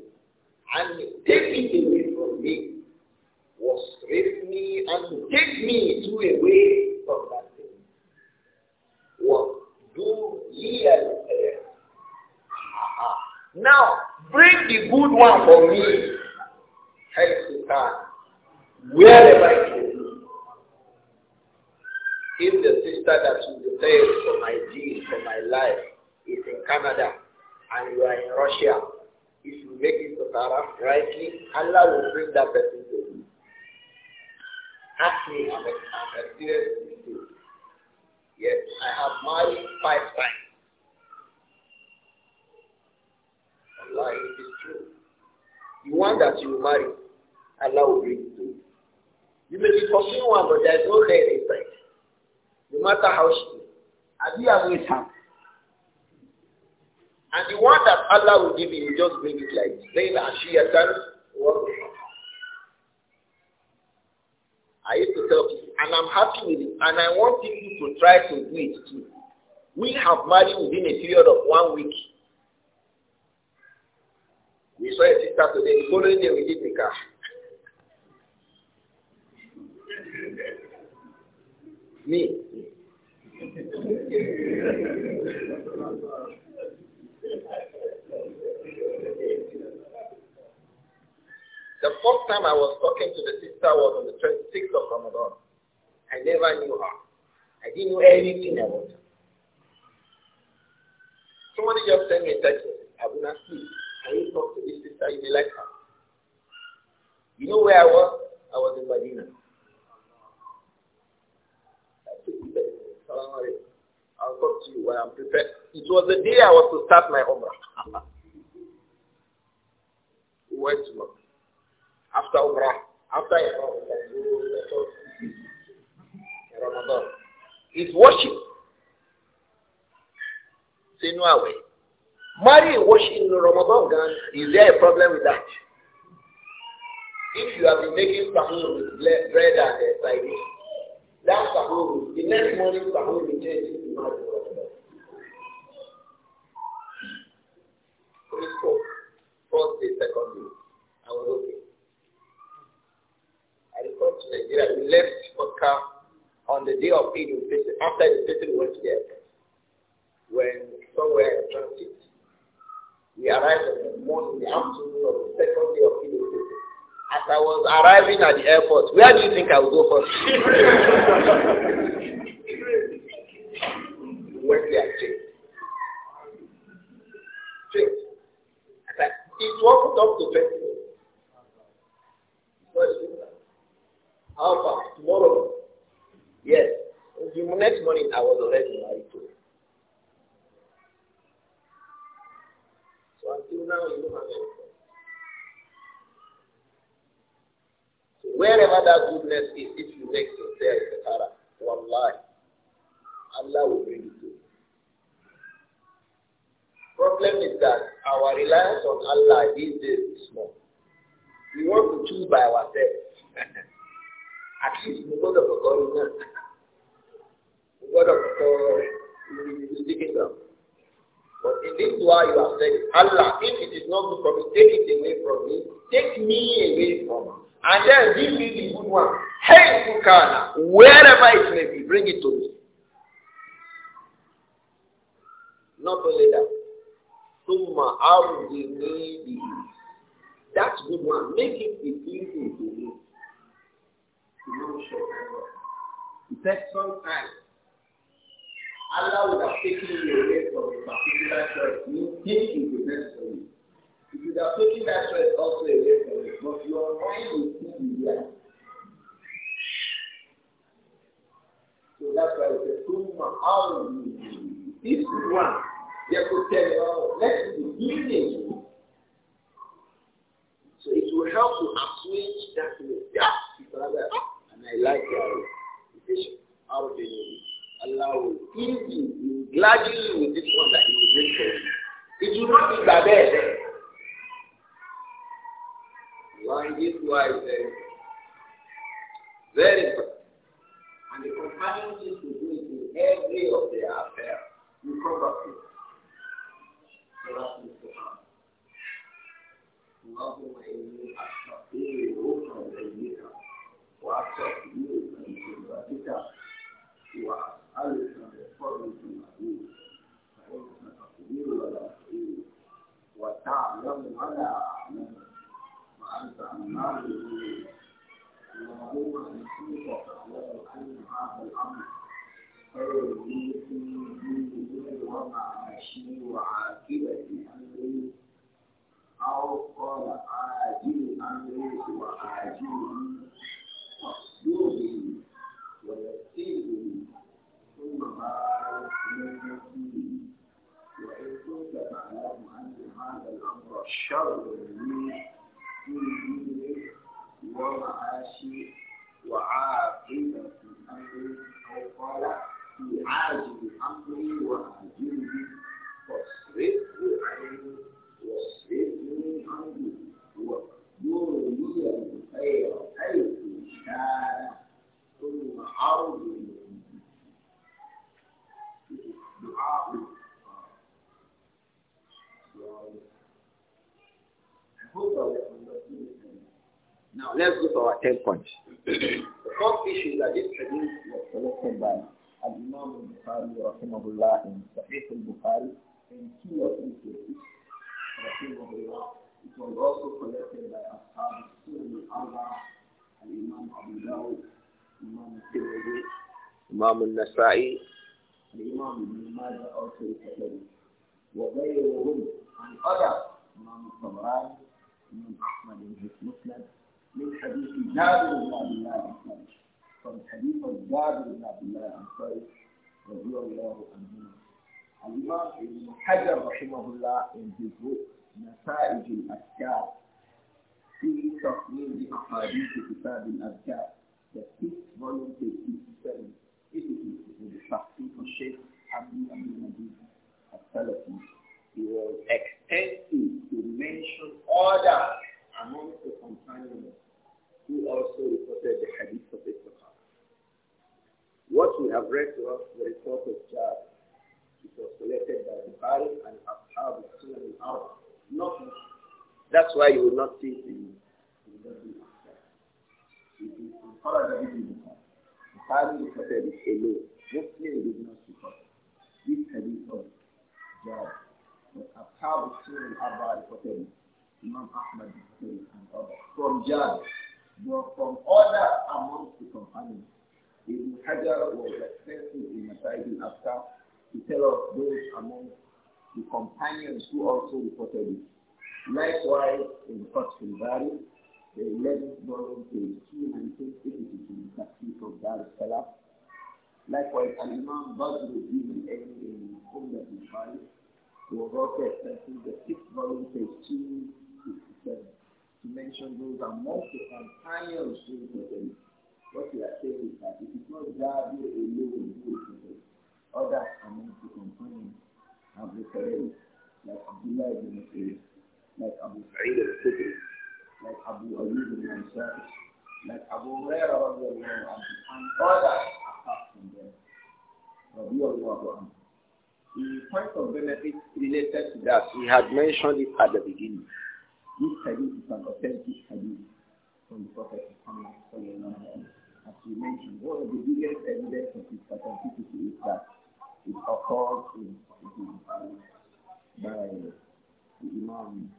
and take it away from me me and take me to away from that thing. وَدُو لِيَ Now, bring the good one for me. Help to Wherever go. If the sister that you declared for my deed, for my life, is in Canada and you are in Russia, if you make it to Tara rightly, Allah will bring that person asked me if i mistake. Yes, I have married five times. Allah, it is true. The one that you marry, Allah will bring to you. You may be pursuing one, but there is no hair inside. No matter how she is. And you have with her. And the one that Allah will give you, you just bring it like this. Then she attends, walk I used to tell people, and I'm happy with it, and I want people to try to do it too. We have married within a period of one week. We saw a sister today, the following day we did car. Me. The first time I was talking to the sister was on the 26th of Ramadan. I never knew her. I didn't know anything about her. Somebody just sent me a text message. I will not sleep. Can you talk to this sister? You may like her. You know where I was? I was in Medina. I'll talk to you when I'm prepared. It was the day I was to start my Umrah. we went to Mecca after Umrah, after Ramadan. It's washing. See no away. Marry washing Ramadan, Is there a problem with that? If you have been making sahur with bread and uh, sardines, that sahur, the next morning sahur will change Ramadan. Please First day, second day. I was okay returned to Nigeria. We left Mecca on the day of Eid al-Fitr. After the Fitr, went there. When somewhere in transit, we arrived on the morning, the afternoon of the second day of Eid al-Fitr. As I was arriving at the airport, where do you think I would go first? we went there straight. Straight. It was up to 20 minutes. How far? Tomorrow. Yes. The next morning I was already married to him. So until now you don't have anything. So wherever that goodness is, if you make sincere Sahara, Wallahi, Allah will bring it to you. Problem is that our reliance on Allah these days is small. We want to choose by ourselves. at least mo gbọ́dọ̀ kọ́kọ́ the náà mo gbọ́dọ̀ kọ́kọ́ rí náà but in this dua you have said Allah if it is not good for me take it away from me take me away from me and then give me the good one hey fukana wherever it may be bring it to me not only that summa arudini that good one make it be easy to me emotion. It takes Allah would have taken you away from a particular choice. You think it is necessary. It would have taken that choice also away from you, but your mind will still be there. So that's why it's a proven how you This is one. They could tell you, oh, let's do healing. So it will help to assuage that way. Yeah, I like your invitation. How do you? Allah gladly with this one that He will for you. It will not be bad. Why this wise uh, very important. And the companions used to do it in every of their affairs. You come back to it. So that's Mr. Muhammad. اللهم إني أستغفره من ذنبك وأتوب ذلك وأسألك بفضلك العظيم فإنك تقدير ولا تقدير وتعلم ولا أعلم وأنت أمام اللهم نسيك تعلم أن هذا الأمر خير في ديني ومعاشي وعاقبتي أمري أو قال عاجل أمري وعاجل واصبر وإن كنت تعلم أن هذا الأمر شر لي في ديني ومعاشي وعاقبة أمري أو قال في عاجل أمري وعاجله فاصرفه عني واصرفني عنه واقدر لي الخير حيث كان ثم أرجو Now let's go to our third point. the first issue that this hadith was collected by Imam Bukhari rahimahullah in Sahih al-Bukhari in two or three cases It was also collected by Ashab Sunni Allah Imam Abu Dawud, Imam Tirmidhi, Imam al-Nasa'i, الإمام ابن ماجه أو شيخ وغيرهم عن أدى الإمام الطبراني من أحمد بن مسلم من حديث جابر بن عبد الله الأنصاري from حديث جابر بن عبد الله الأنصاري رضي الله عنهما الإمام ابن حجر رحمه الله in نتائج الأذكار في تصميم أحاديث كتاب الأذكار the fifth volume 57 If Abdul Abdul Salafi, he was extensive to mention order among the companions who also reported the hadith of the Sahaba. What we have read to us, the report of Jabir, it was collected by Bukhari and Ashab Sunan al Arab. Not That's why you will not see alone. Muslim did not this hadith of Jabir. But Ashab Sunan Arba reported Imam Ahmad and others from Jabir. But from other amongst the companions, Ibn Hajar was extensive in Masaid al to tell us those among the companions who also reported it. Likewise, in Fatul Bari, the 11th volume, page 282, it is in the of Dar es Likewise, an Imam Badr ibn Ibn in was a extending the sixth volume, page 267, to mention those amongst the companions who What we are saying is that it is not are alone who is present. Others amongst the companions have referred like Abdullah ibn Mas'ud, like Abu Sa'id al like Abu ibn like Abu Hurairah and others. The point of benefit related to that, we had mentioned it at the beginning. This hadith is an authentic hadith from the Prophet Muhammad As we mentioned, one of the biggest evidence of its authenticity is that it occurs in, in, by the Imam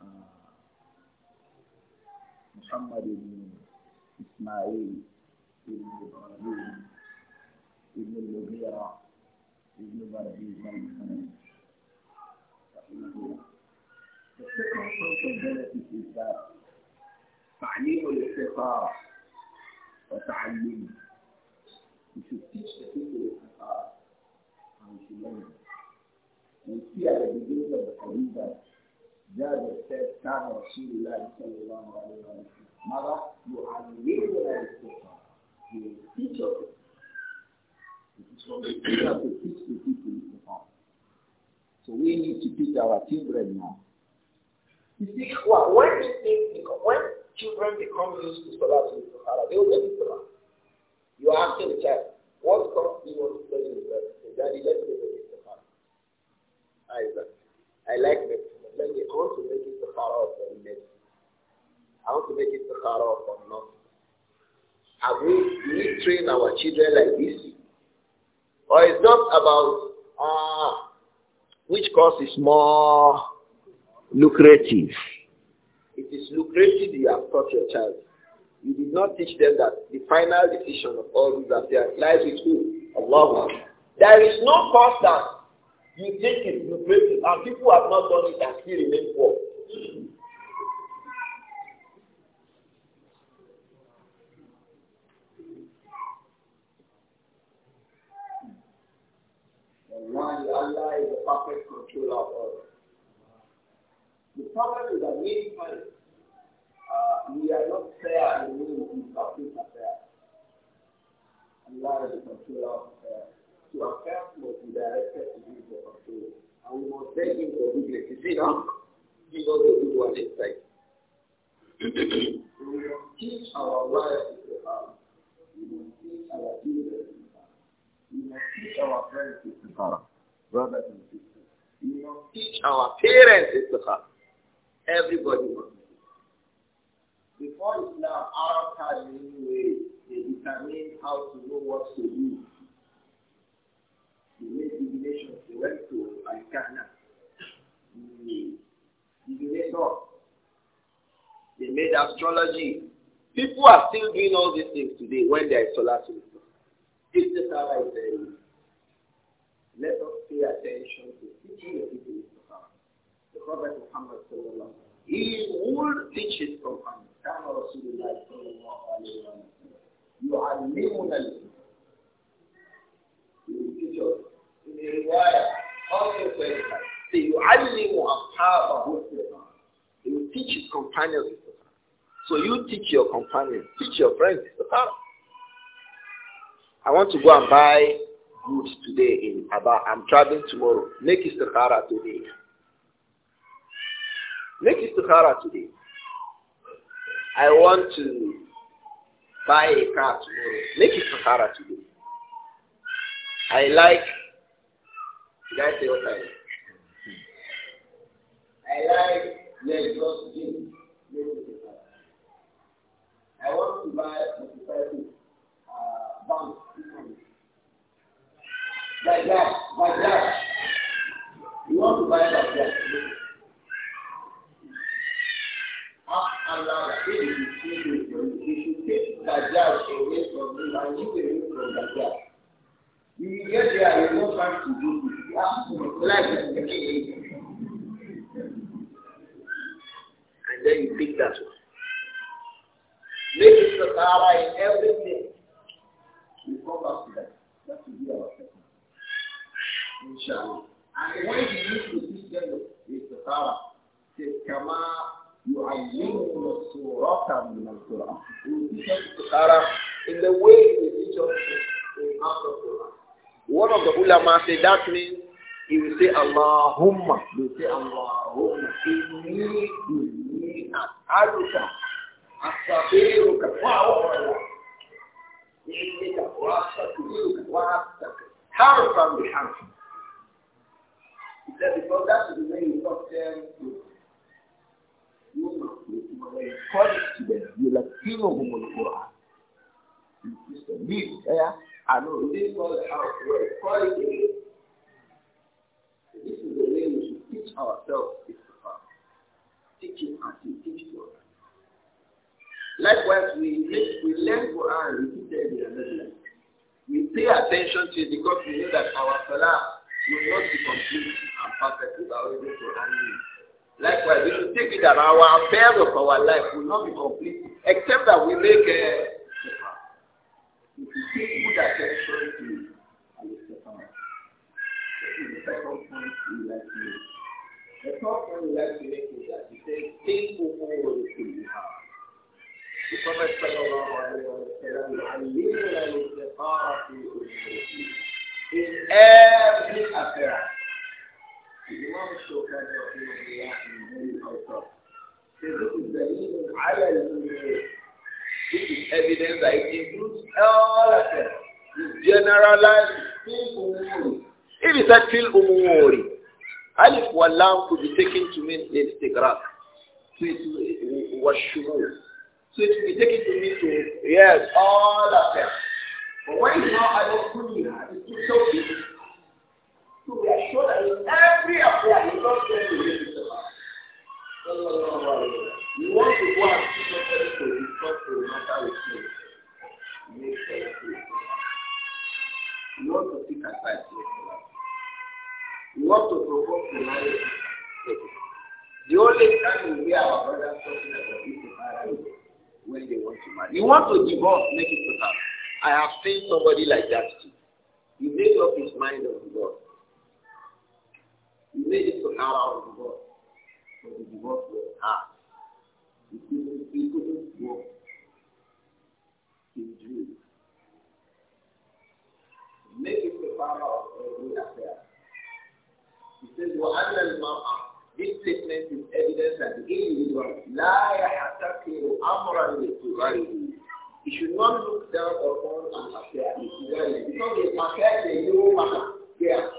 uh, Muhammad ibn Ismail ibn Ibrahim ابن المغيرة ابن بردي بن خلف رحمه الله في الكتاب تعليم الاختصار وتعلمه يشوفيش تكيف الاختصار عن شلون وفي على بداية القريبة جاء السيد كان رسول الله صلى الله عليه وسلم مرة يعلمنا في يشوف So we have to teach the people So we need to teach our children now. You see, well, when when children become used to solar to Sahara, they will make it You ask the child, what course do you want to study in university? Daddy, let's make it Sahara. Isaac, I like it. Let me, I want to make it Sahara of medicine. I want to make it Sahara of nonsense. Have we, do we train our children like this? Or it's not about uh, which course is more lucrative. It is lucrative you have taught your child. You did not teach them that the final decision of all these affairs lies with who? Allah. There is no course that you think is lucrative and people have not done it and still remain poor. and Allah is the perfect controller of us. The problem is that many times uh, we are not fair in the way we interpret affairs. Allah is the controller of affairs. So our affairs must be directed to him for control. And we must beg him for goodness. You see now? He knows the good one inside. we must teach our wives to love. We must teach our children to love. We must teach our friends to love brothers and sisters. We must teach our parents istikhara. Everybody must. Before Islam, Arabs had many ways. They determined how to know what to do. They made divinations. They went to Al-Kana. They divinated They made astrology. People are still doing all these things today when they are solar This is how I say let us pay attention to teaching the people The Prophet Muhammad sallallahu he would teach his companions. كان رسول الله صلى الله عليه وسلم يعلمنا في رواية قال سيعلم أصحابه القرآن He will teach his companions the Quran. So you teach your companions, teach your friends the Quran. I want to go and buy goods today in Aba. I'm traveling tomorrow. Make istikhara today. Make istikhara today. I want to buy a car tomorrow. Make istikhara today. I like, did I say what I like? I like Lagos jeans. I want to buy motorcycle, uh, bank. Like that, like that. You want to buy that. Ask if you see this, you away from him and you away from Dajjal. You get there, you won't have to do this. You have it. And then you pick that one. Make Sahara in everything. You come back to that. That will be Inshallah. And when you need to teach them the Torah, says, Kama yu'ayyinu surata min al-Qur'an. You teach them the Torah in the way you teach us in Al-Qur'an. One of the ulama said that means he will say Allahumma. He will say Allahumma. Inni inni as'aluka. Asabiruka. Wa'awa'ala. Inni ka wa'asaturuka. Wa'asaturuka. حرفا بحرف That Because that is the way you talk them to. You like you know who will go out. Me, yeah, I know this was how we're calling This is the way we teach ourselves teaching and teaching Likewise, we we learn Quran repeatedly and We pay attention to it because we know that our salah will not be complete and perfect if are able to handle it. Likewise, we should take it that our affairs of our life will not be complete except that we make a uh, if you take good attention to and the second the second point we like to make. The third point we like to make is that you say think over what you have. The Prophet sallallahu alayhi wa sallam, and leave it and it's the power of the in every affair. The Imam Shokan in also. This is the even higher This is evidence that it includes all of them. generalized If it's a fill umuri, alif wa lam could be taken to mean istighraq. So it was shumul. So it could be taken to mean to, yes, all of them. But when you now idol kunya, it is so big. So we are sure that in every affair, you don't get to live with the You want to go and see somebody to discuss the matter with you. Make sense to You want to pick aside You want to provoke the marriage. The only time we hear our brothers talking about is when they want to marry. You want to divorce, make it happen. I have seen somebody like that too. He made up his mind of the divorce. He made it to out of divorce. But the divorce was hard. He couldn't, he couldn't walk. He drew. Make it the power of every affair. He says, وَأَنَّ الْمَرْأَةِ This statement is evidence that the individual لا يحتكر أمرا لصغره You should not look down upon an affair. Because the affair is a new matter. Yeah.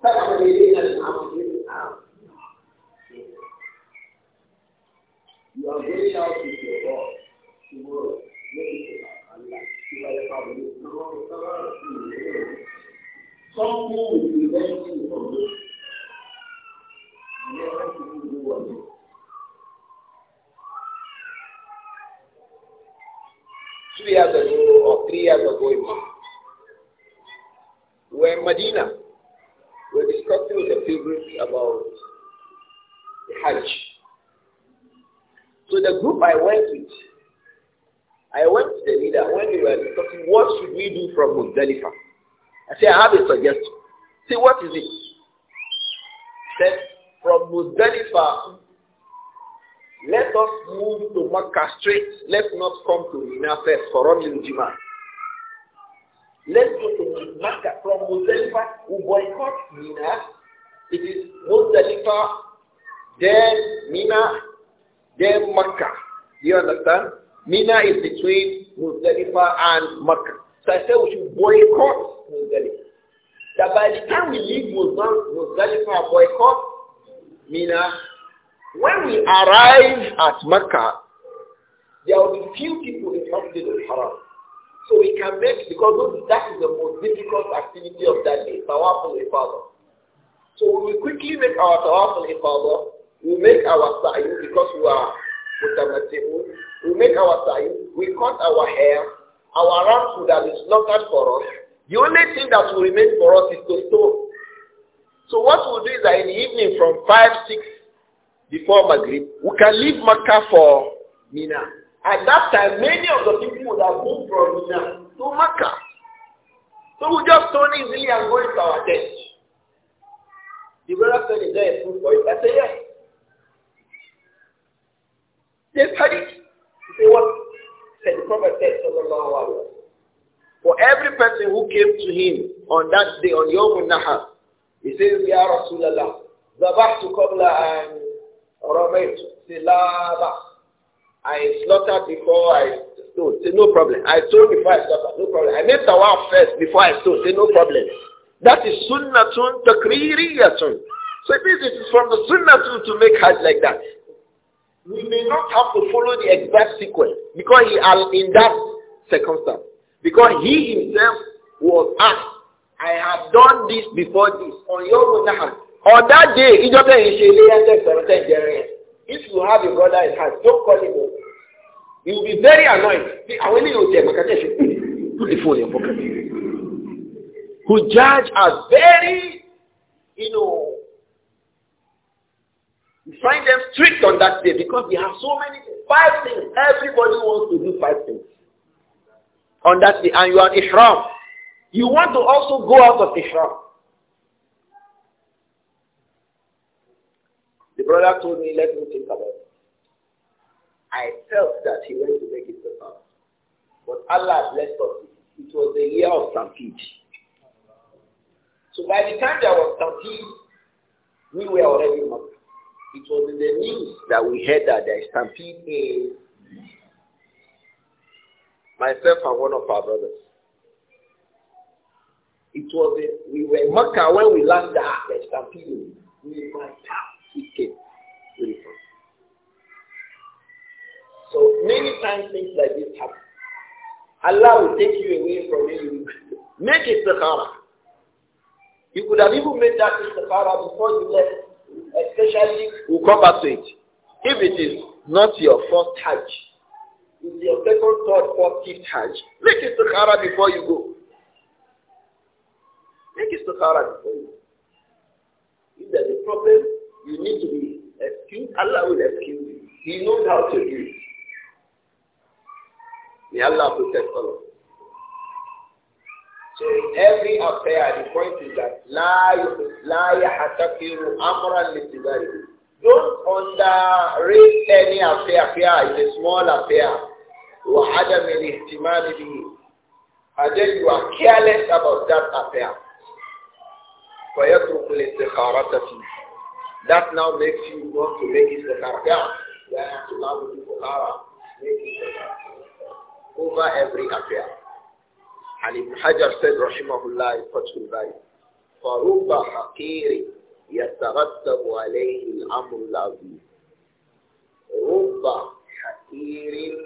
That's what they did and I'm doing now. You are going out with your boss tomorrow. Maybe Allah. You are probably Something will prevent you from this. two years ago or three years ago in March. We were in Medina. We were discussing with the pilgrims about the Hajj. So the group I went with, I went to the leader when we were discussing what should we do from Muzdalifah. I said, I have a suggestion. See, what is it? He said, from Muzdalifah let us move to Makkah straight. Let's not come to Mina first for only Jima. Let's go to Makkah from Muzdalifah. We boycott Mina. It is Muzdalifah, then Mina, then Makkah. Do you understand? Mina is between Muzdalifah and Makkah. So I said we should boycott Muzdalifah. That by the time we leave Muzdalifah, boycott Mina, when we arrive at Mecca, there will be few people in Masjid al-Haram. So we can make, because that is the most difficult activity of that day, Tawaf al-Ifadah. So we will quickly make our Tawaf al-Ifadah, we will make our Sa'yu because we are Mutamatti'un, we will make our Sa'yu, we cut our hair, our ram food that is slaughtered for us. The only thing that will remain for us is to store. So what we'll do is that in the evening from 5, 6, before Maghrib, we can leave Makkah for Mina. At that time, many of the people would have moved from Mina to Makkah, So we just turn easily and go into our tent. The brother said, is there a proof for it? I said, yes. They hadith. He said, what? said, the Prophet said, sallallahu alayhi wa For every person who came to him on that day, on Yom Nahar, he says, Ya Rasulallah, to قبل and." I slaughtered before I stole. Say no problem. I stole before I slaughtered. No problem. I made tawaf first before I stole. Say no problem. That is sunnatun takririyatun. So it means it is from the sunnatun to make hajj like that. We may not have to follow the exact sequence because he are in that circumstance. Because he himself was asked, I have done this before this on your own hand. On that day, If you have a brother in heart, don't call him He will be very annoyed. Bí will eléyìí ò tẹ̀ put the phone in your pocket. judge are very, you know, you find them strict on that day because they have so many Five things. Everybody wants to do five things on that day. And you are in You want to also go out of Ihram. brother told me, let me think about it. I felt that he went to make it to But Allah blessed us. It was the year of stampede. So by the time there was stampede, we were already in It was in the news that we heard that there is stampede in myself and one of our brothers. It was we were in Makkah when we landed at the stampede. We were out. So many times things like this happen. Allah will take you away from you. Make it istikhara. You could have even made that istikhara before you left. Especially, we'll come back to it. If it is not your first touch. it's your second, third, fourth, fifth touch, make istikhara before you go. Make it istikhara before you go. If there's a problem, you need to be excused. Allah will excuse you. He knows how to do it. May Allah protect all So every affair, the point is that لا لا يحتكر أمرا لتجاره. Don't underrate any affair. Affair is a small affair. وعدم الاهتمام به. And then you are careless about that affair. فيترك الاستخارة فيه. That now makes you want to make it the You have to now for Bukhara, make it the Over every affair. And Ibn Hajar said, Rahimahullah, Fatul Bari, فَرُبَّ حَقِيرٍ يَتَغَتَّبُ عَلَيْهِ الْأَمْرُ الْعَظِيمُ رُبَّ حَقِيرٍ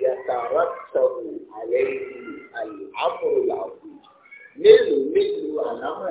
يترتب عليه الأمر العظيم من مثل الأمر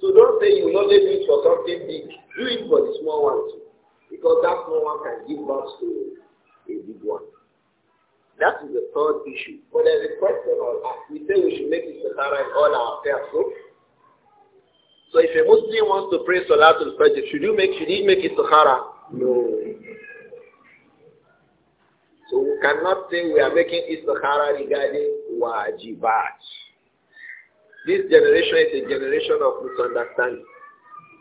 So don't say you will only do it for something big. Do it for the small one too. Because that small one can give birth to a big one. That is the third issue. But there's a question on We say we should make it Sahara in all our affairs. So, so if a Muslim wants to pray Salatul Fajr, should you make should he make it Sahara? No. So we cannot say we are making Istikhara regarding wajibat. This generation is a generation of misunderstanding,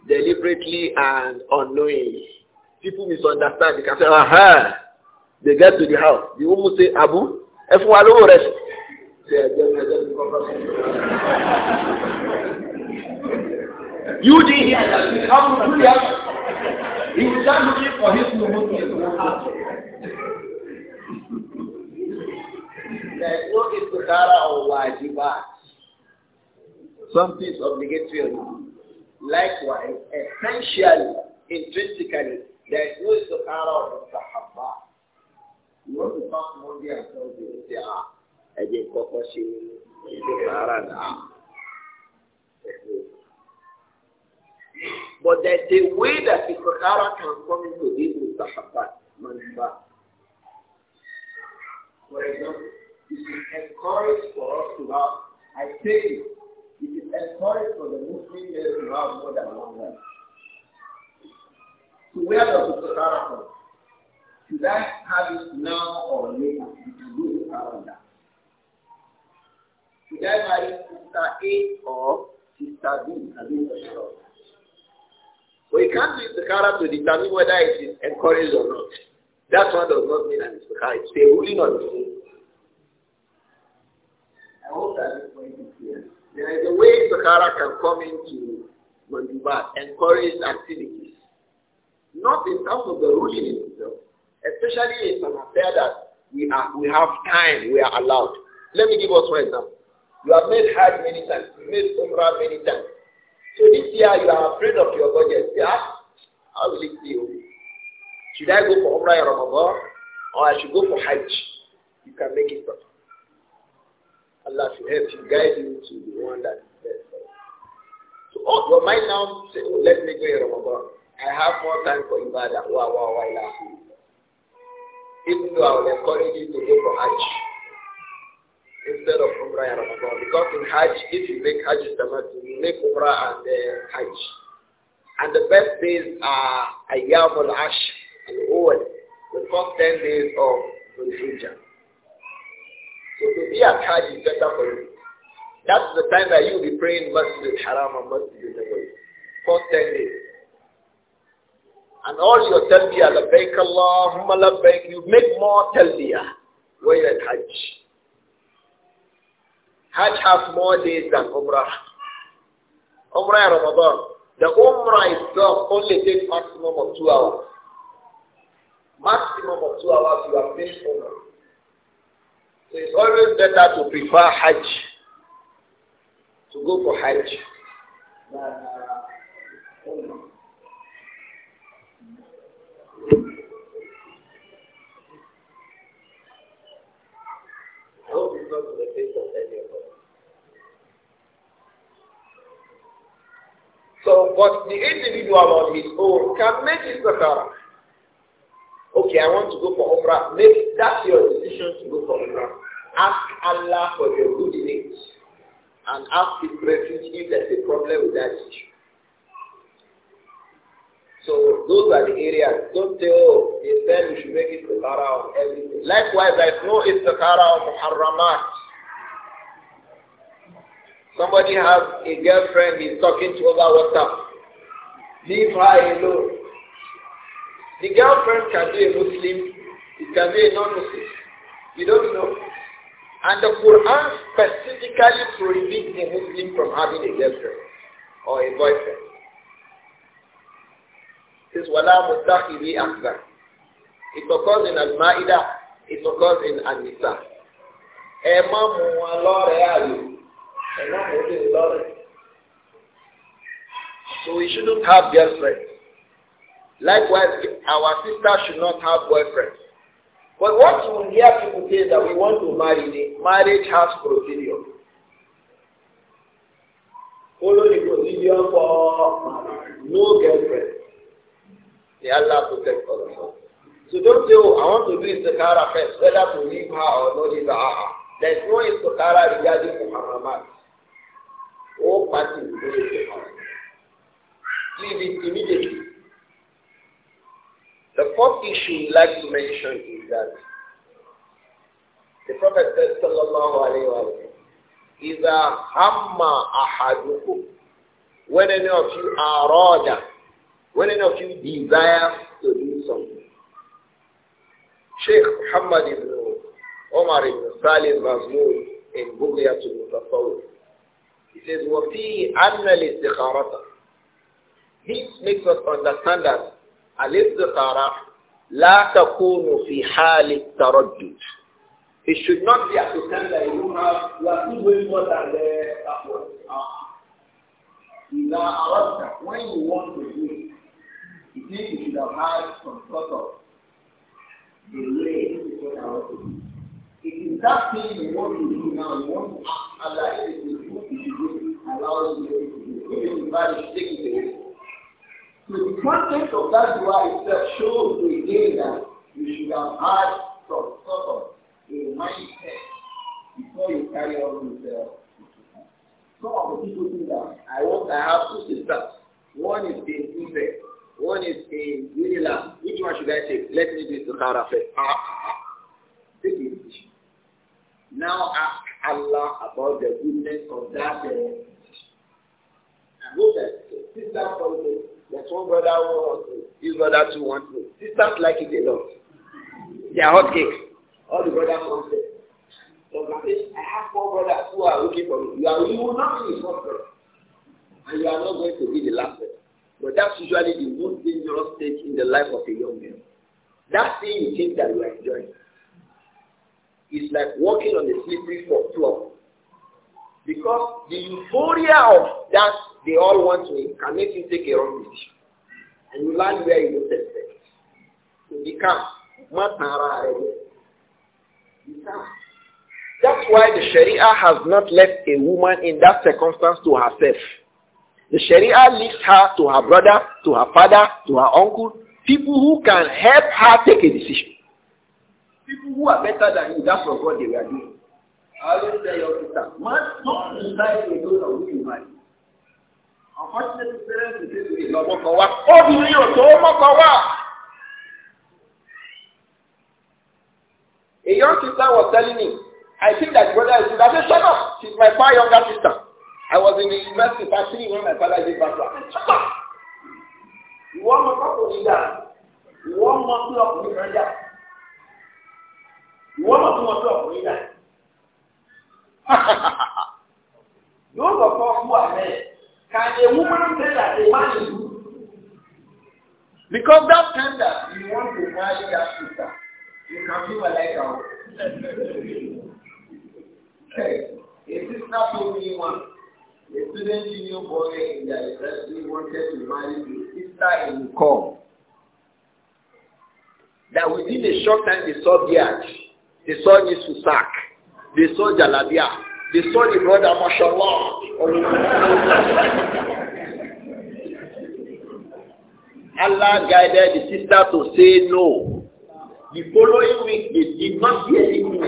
deliberately and unknowingly. People misunderstand. They can say, aha, they get to the house. The woman say, Abu, if we will rest. you did He was just looking for his woman There is no Istikhara or Wajibat. Something is obligatory. Likewise, essentially, intrinsically, there is no istikhara of Sahaba. You want to talk Monday and Thursday, you say, ah, I did ah. But there's a way that sahara can come into this Sahaba, For example, it is encouraged for us to have, I say it is encouraged for the Muslim to have more than one wife. So where does the Sahara come? Should I have it now or later? You can do the Sahara that. Should I marry sister A or sister B? I mean, we can't use the Sahara to determine whether it is encouraged or not. That one does not mean an istikhara. It's a ruling on the I hope that this point there is a way Sahara can come into Mandubat, encourage activities. Not in terms of the ruling itself, especially it's an affair that we, are, we have time, we are allowed. Let me give us one example. You have made Hajj many times, you made Umrah many times. So this year you are afraid of your budget. Yeah? How will it be? Should I go for Umrah or Ramadan or I should go for Hajj? You can make it possible. Allah should help you, guide you to the one that is best for you. So oh, your mind now say, oh, let me go in Ramadan. I have more time for Ibadah. Wow, wow, wow, last Even though I would encourage you to go for Hajj instead of Umrah in Ramadan. Because in Hajj, if you make Hajj Tamatu, you make Umrah and uh, Hajj. And the best days are Ayyam al-Ash and Owen, the first 10 days of dhul we have charge is better for you. That's the time that you'll be praying Masjid haram and Masjid al-Nabawi. for 10 days. And all your talbiyah, labbaik Allahumma labbaik, you make more talbiyah when you're at Hajj. Hajj has more days than Umrah. Umrah Ramadan. The Umrah itself only takes maximum of two hours. Maximum of two hours you have finished Umrah. So it's always better to prefer Hajj, to go for Hajj. So, but the individual on his own can make his zakara okay, I want to go for Umrah. Make that your decision to go for Umrah. Ask Allah for your good in it and ask His refuge if there's a problem with that issue. So those are the areas. Don't say, oh, then you we should make it Sakara on everything. Likewise, it's no Sakara on Muharramat. Somebody has a girlfriend he's talking to what's WhatsApp. Leave her alone. The girlfriend can be a Muslim, it can be a non-Muslim. You don't know. And the Quran specifically prohibits a Muslim from having a girlfriend or a boyfriend. It says, وَلَا مُتَّخِذِي It occurs in Al-Ma'idah. It occurs in An-Nisa. Ẹ má mú wọn lọ́rẹ̀ẹ́ So we shouldn't have girlfriends. Likewise, our sister should not have boyfriends. But what you will hear people say that we want to marry, the marriage has procedure. Follow the procedure for no girlfriend. The Allah protect us. So don't say, oh, I want to do istikara first, whether to leave her or not leave her. Ah, ah. There's no istikara regarding Muhammad. the party, leave it immediately. The fourth issue we like to mention is that the Prophet said, sallallahu alayhi wa sallam, is a hamma ahadukum. When any of you are order, when any of you desires to do something. Sheikh Muhammad ibn Omar ibn Salim Mazmoud in Bughyatul Mutasawwir. He says, وَفِي أَنَّ الْإِسْتِخَارَةَ This makes us understand that الاستطارة لا تكون في حال التردد. It should not be at the time that you have you are doing more than the upward. إذا أردت when you want to do it, it means you should have had some sort of delay in what want to do. It is that thing you want to do now, you want to ask Allah if it is good to do, allow you to do it. If you take it away. So the context of that dua itself shows again that you should have had some sort of a mindset before you carry on with uh, some of the people think that I want I have two sisters. One is in Ife, one is in Unila. Which one should I take? Let me do Sahara first. Ah, ah, ah, Take the decision. Now ask Allah about the goodness of that. Uh, I hope that sister follows there's one brother who wants to. This brother too wants to. Sisters like it a lot. They are hot cakes. All the brothers want it. So I have four brothers who are looking for me. You, are, you will not be the first brother. And you are not going to be the last brother. But that's usually the most dangerous stage in the life of a young man. That thing you think that you are enjoying is like walking on a slippery floor. Because the euphoria of that they all want to incarnate can you take a wrong decision. And you land where you don't expect. So be calm. That's why the Sharia has not left a woman in that circumstance to herself. The Sharia leaves her to her brother, to her father, to her uncle, people who can help her take a decision. People who are better than you, that's what God they were doing. I always tell your sister, man, don't decide to those who you unfortunately parents ti ti lọ mọ́kọ wá obìnrin yóò tó mọ́kọ wá. A young sister was telling me, I think that brother is good. I said, shut up. She's my far younger sister. I was in the university for three when my father did gave birth to her. I said, shut You want ọmọ kọ́kọ́ nígbà, ìwọ You want ọkùnrin kan dà, ìwọ Ha ha ha ha ha! dà. Yóò lọ fọ́ fún àmẹ́. Can a woman say that a man is good? Because that time that you want to marry that sister, you can feel like a Hey, a sister told me once, a student your boy in their university wanted to marry the sister in call. That within a short time they saw the arch, they saw Nisusak, they saw Jalabia, they saw the brother, mashallah. Allah guided the sister to say no. The following week, they did not hear anything. so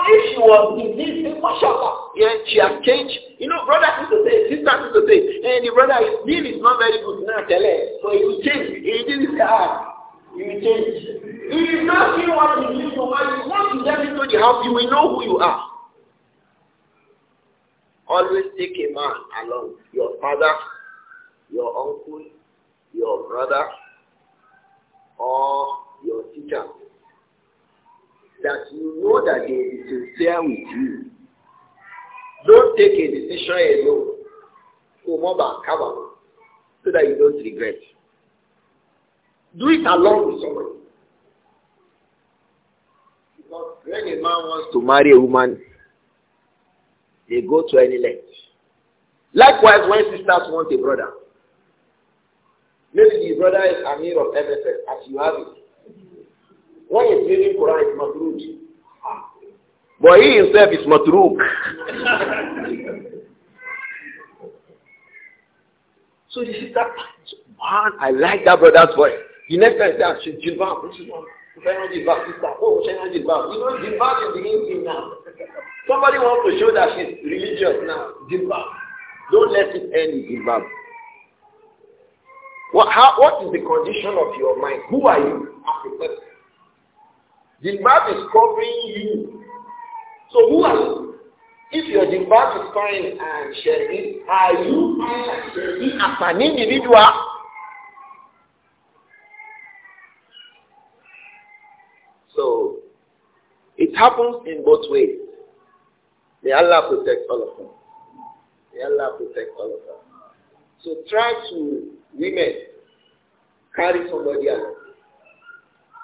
if she was diseased, mashallah, yeah, she has changed. You know, brother used to say, sister used to say, and eh, hey, the brother, his deal is not very good now, tell her. So he will change. He will change his heart. He will change. It is not you what to need your mind. Once you get into the house, you will know who you are. Always take a man along. Your father, your uncle, your brother, or your teacher. That you know that they will be sincere with you. Don't take a decision alone. back, cover, so that you don't regret. Do it along with somebody. When a man wants to marry a woman, they go to any length. Likewise, when sisters want a brother, maybe the brother is Amir of everything, as you have it. When he's reading Quran, it's Matruk. But he himself is Matruk. so the sister, man, I like that brother's voice. The next time he says, Jilbab, this is one. Shenan Oh, You know, is the new thing now. Somebody wants to show that she's religious now. Jilbab. Don't let it end Jilbab. What, how, what is the condition of your mind? Who are you as a person? is covering you. So who are you? If your jilbab is fine and sharing, are you fine and sharing as an individual? happens in both ways. May Allah protect all of us. May Allah protect all of us. So try to, women, carry somebody else.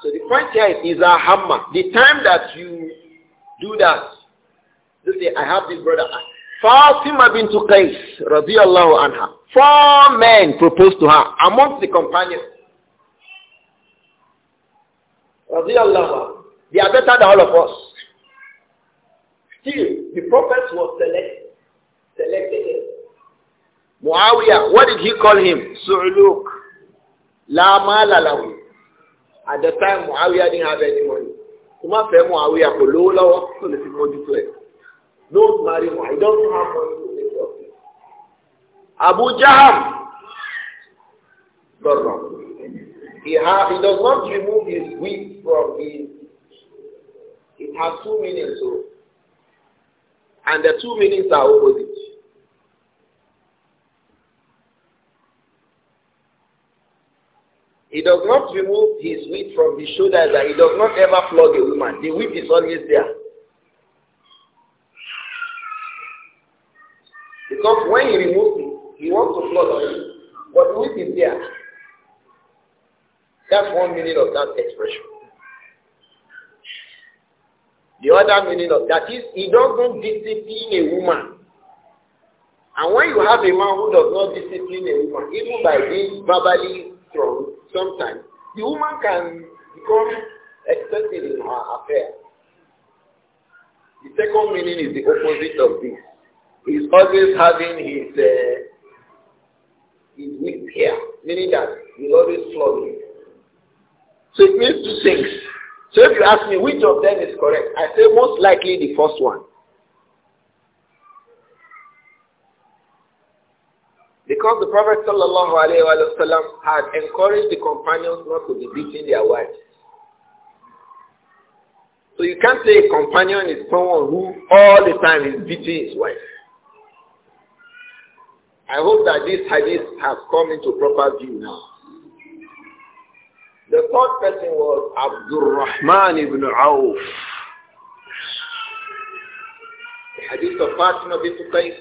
So the point here is, is a hammer. The time that you do that, you say, I have this brother. Fatima bint Qais, radiallahu anha. Four men proposed to her amongst the companions. Radiallahu anha. They are better than all of us. The prophet was select, selected. Muawiyah, what did he call him? Su'luk. La malalawi. At the time, Muawiyah didn't have any money. Kuma fẹ́ Muawiyah kò lówó lọ́wọ́ tó lè fi mójútó ẹ̀. Don't marry Muawiyah. I don't have money to make profit. Abu Jaham. Got wrong. He, ha he does not remove his wheat from his. It has two meanings. So And the two meanings are opposite. He does not remove his whip from his shoulders and he does not ever flog a woman. The whip is always there. Because when he removes it, he wants to flog her. But the whip is there. That's one meaning of that expression. The other meaning of that is he doesn't discipline a woman. And when you have a man who does not discipline a woman, even by being verbally strong, sometimes the woman can become excessive in her affair. The second meaning is the opposite of this. He's always having his uh, his whip here, meaning that he always flogging. So it means two things. So if you ask me which of them is correct, I say most likely the first one. Because the Prophet ﷺ had encouraged the companions not to be beating their wives. So you can't say a companion is someone who all the time is beating his wife. I hope that this hadith has come into proper view now. The third person was Abdul Rahman ibn Auf. The hadith of Fatima bint Qais.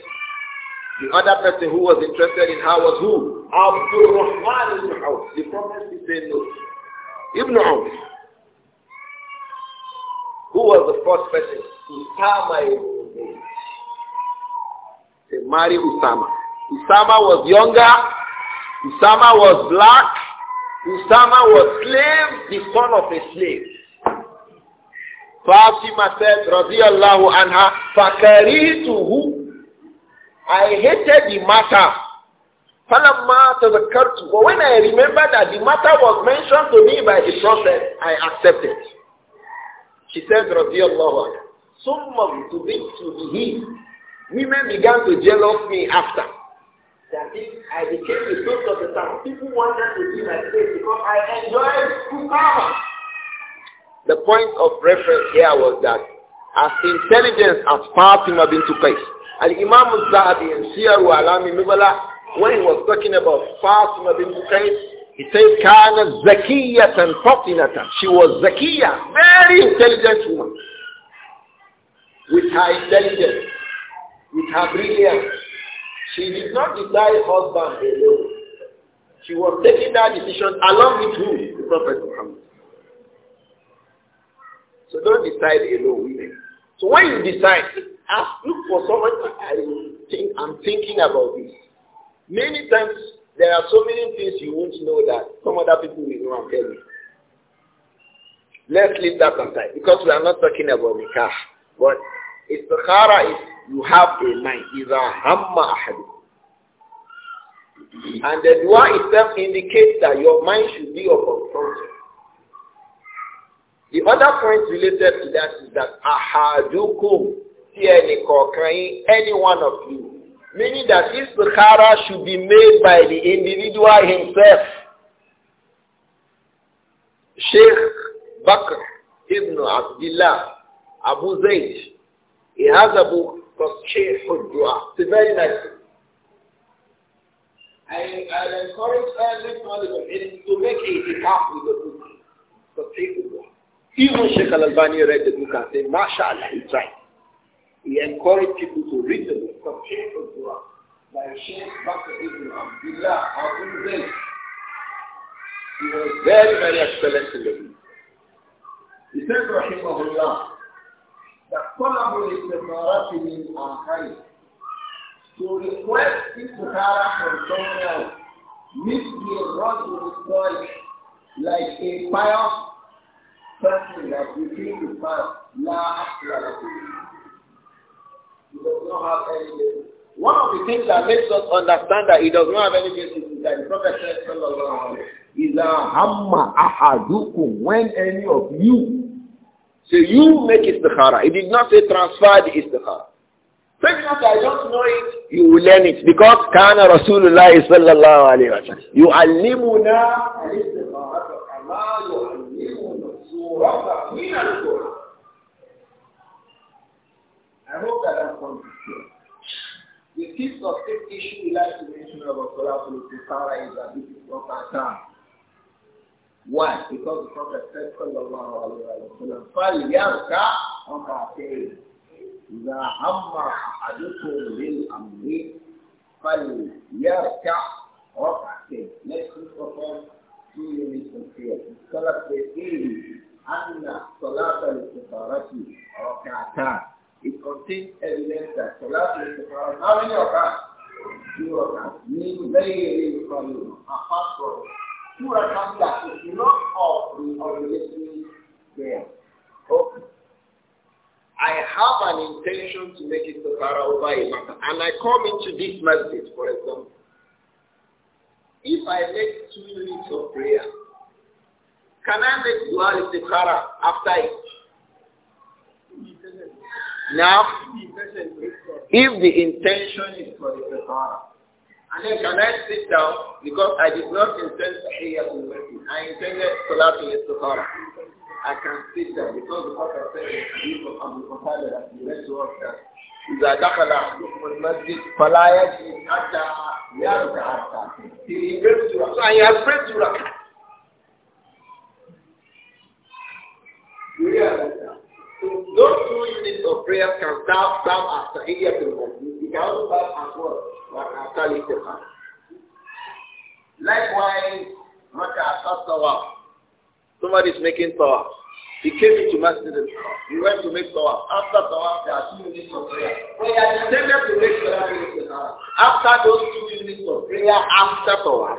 The other person who was interested in her was who? Abdul Rahman ibn Auf. The prophet said no. Ibn Auf. Who was the first person? Usama ibn Zayd. They married Usama. Usama was younger. Usama was black. Usama was slave, the son of a slave. Fatima said, radiallahu anha, فَكَرِهِتُهُ I hated the matter. فَلَمَّا تَذَكَّرْتُ But when I remembered that the matter was mentioned to me by the Prophet, I accepted. She said, radiallahu anha, be to بِهِ Women began to jealous me after that if I became the source of the town, people wanted to see my place because I enjoyed Kukama. The point of reference here was that as intelligence as Fatima bin Tukais, and Imam al-Zahabi and Siyaru Alami Nubala, when he was talking about Fatima bin Tukais, he said, كانت زكية فطنة. She was Zakiya, very intelligent woman. With her intelligence, with her brilliance, she did not desire husband alone. She was taking that decision along with who? The Prophet Muhammad. So don't decide alone, women. So when you decide, ask, ah, look for someone I think I'm thinking about this. Many times there are so many things you won't know that some other people will know and tell you. Let's leave that aside because we are not talking about nikah. But Istikhara is you have a mind. Iza hamma ahadu. And the dua itself indicates that your mind should be upon something. The other point related to that is that ahadukum, any one of you. Meaning that istikhara should be made by the individual himself. Sheikh Bakr ibn Abdullah Abu Zayd he has a book called Sheikh Dua. It's a very nice book. I, I encourage every to make a copy with the book. Even Sheikh Al-Albani read the book and said, MashaAllah, it's right. He encouraged people to read the book of Sheikh Dua by Sheikh Bakr ibn Abdullah al Zayd. He was very, very excellent in the book. He said, Rahimahullah, طلب الاستخارة من آخرين to request istikhara from someone else means to run to the like a pious person that you feel to pious la You does not have any One of the things that makes us understand that he does not have any basis is that the Prophet said, Sallallahu Alaihi Wasallam, is a hammer ahadukum when any of you So you make istikhara. It did not say transfer the istikhara. So if not, I don't know it, you will learn it. Because كان رسول الله صلى الله عليه وسلم يعلمنا الاستخارة كما يعلمنا سورة من القرآن. I hope that I'm confused. The fifth or sixth issue we like to mention about Salatul Istikhara is that this is not our time. Why? Because the Prophet said, sallallahu alayhi wa sallam, فَلْيَرْكَ رَكَعَتَيْنِ إِذَا هَمَّ أَحَدُكُمْ بِالْأَمْرِ فَلْيَرْكَ رَكَعَتَيْنِ Let's look upon two units of prayer. Salat al-Eid, Anna Salat al-Safarati, Raka'atan. It contains evidence that Salat al-Safarati, how many of us? Two of us. Meaning very, very apart from two rakam that is not of the obligatory prayer. Okay. I have an intention to make it to over a and I come into this message, for example. If I make two minutes of prayer, can I make dua istikhara after it? Now, if the intention is for the istikhara, and then can I sit down? Because I did not intend to Tahiyyatul Masjid. I intended to Salatul Istikhara. I can sit down because the Prophet said in the hadith of Abu Qatada that he read to us that إذا دخل أحدكم المسجد فلا يجلس حتى يركع حتى He prayed to Rakat. So he has prayed to Rakat. Do you understand? So those two units of prayer can serve, serve as Tahiyyatul Masjid can bath as well. Likewise, Maka Tawa. Somebody is making Tawa. He came into Masjid He went to make Tawa. After Tawa, there are two minutes of prayer. Prayer intended to make Tawa. After those two minutes of prayer, after Tawa,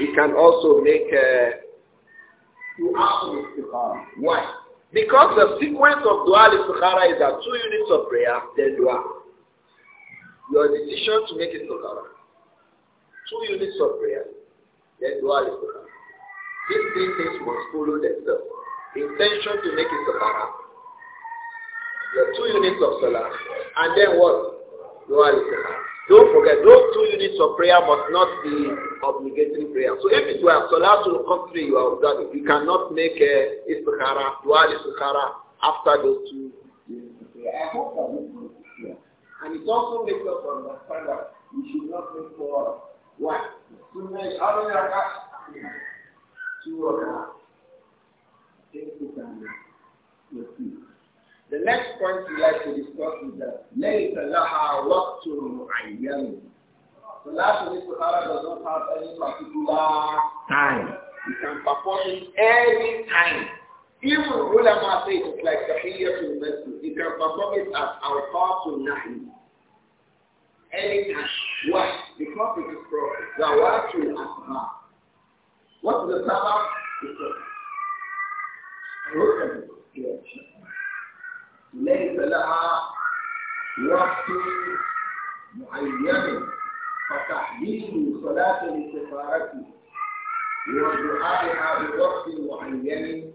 he can also make uh, two hours of Why? Because the sequence of dua al-istikhara is that two units of prayer, then dua. Your decision to make it salat. Two units of prayer, then dua is salat. These three things must follow themselves. Intention to make it salat. Your two units of salat, and then what? Dua is salat. Don't forget, those two units of prayer must not be obligatory prayer. So if it were the country you are observing, you cannot make a uh, istikhara, dua istikhara after those two units of prayer. And it also makes us understand that we should not make for what? Too many. How many rakats? Two rakats. Things we The next point we like to discuss is that لَيْسَ لَهَا وَقْتٌ مُعَيَّنٌ The last of this Sahara does not have any particular time. You can perform it any time. Even ulama say it's like tahiyatul masjid. You can perform it as al awqatul nahi. Any Anytime. Why? Because it is from zawatul asma. What is the sabbath? It's a ليس لها وقت معين فتحديد صلاة لسفارته ودعائها بوقت معين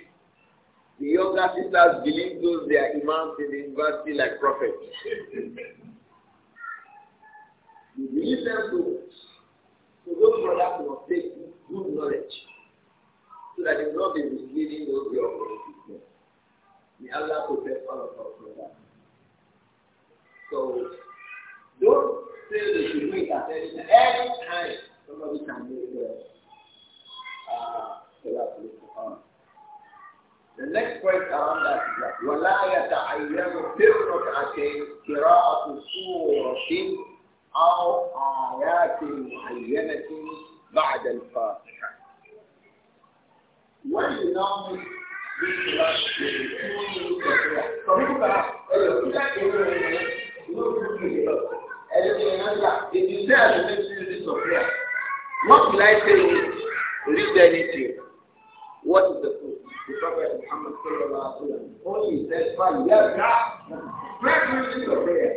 The younger sisters believe those they are imams in the university like prophets. you believe them to So those brothers must take good knowledge so that they will not be misleading those young people. May Allah protect all of us from that. So don't say they should do it at any time. Somebody can make the uh, the next question is: thats that is this last if you say I make music of prayer, what will I say? Read anything. What is the the Prophet Muhammad sallallahu alaihi wasallam. Only said, of prayer."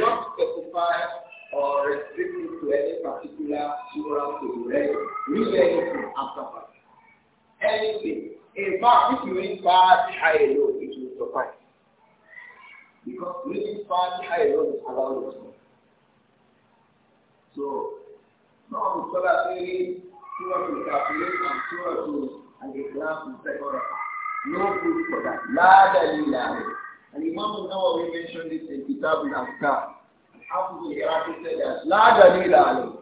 not specified or restricted to any particular surah to be read. Read anything after that. Anything. In fact, if you read Fatiha alone, it will suffice. Because reading Fatiha alone is allowed. So, now the scholars say, Surah to and Surah to الإخلاص in second rakah. No proof for that. La dalila. And Imam Nawawi mentioned this in Kitab al-Afkar. Hafiz al-Iraqi said that. La dalila.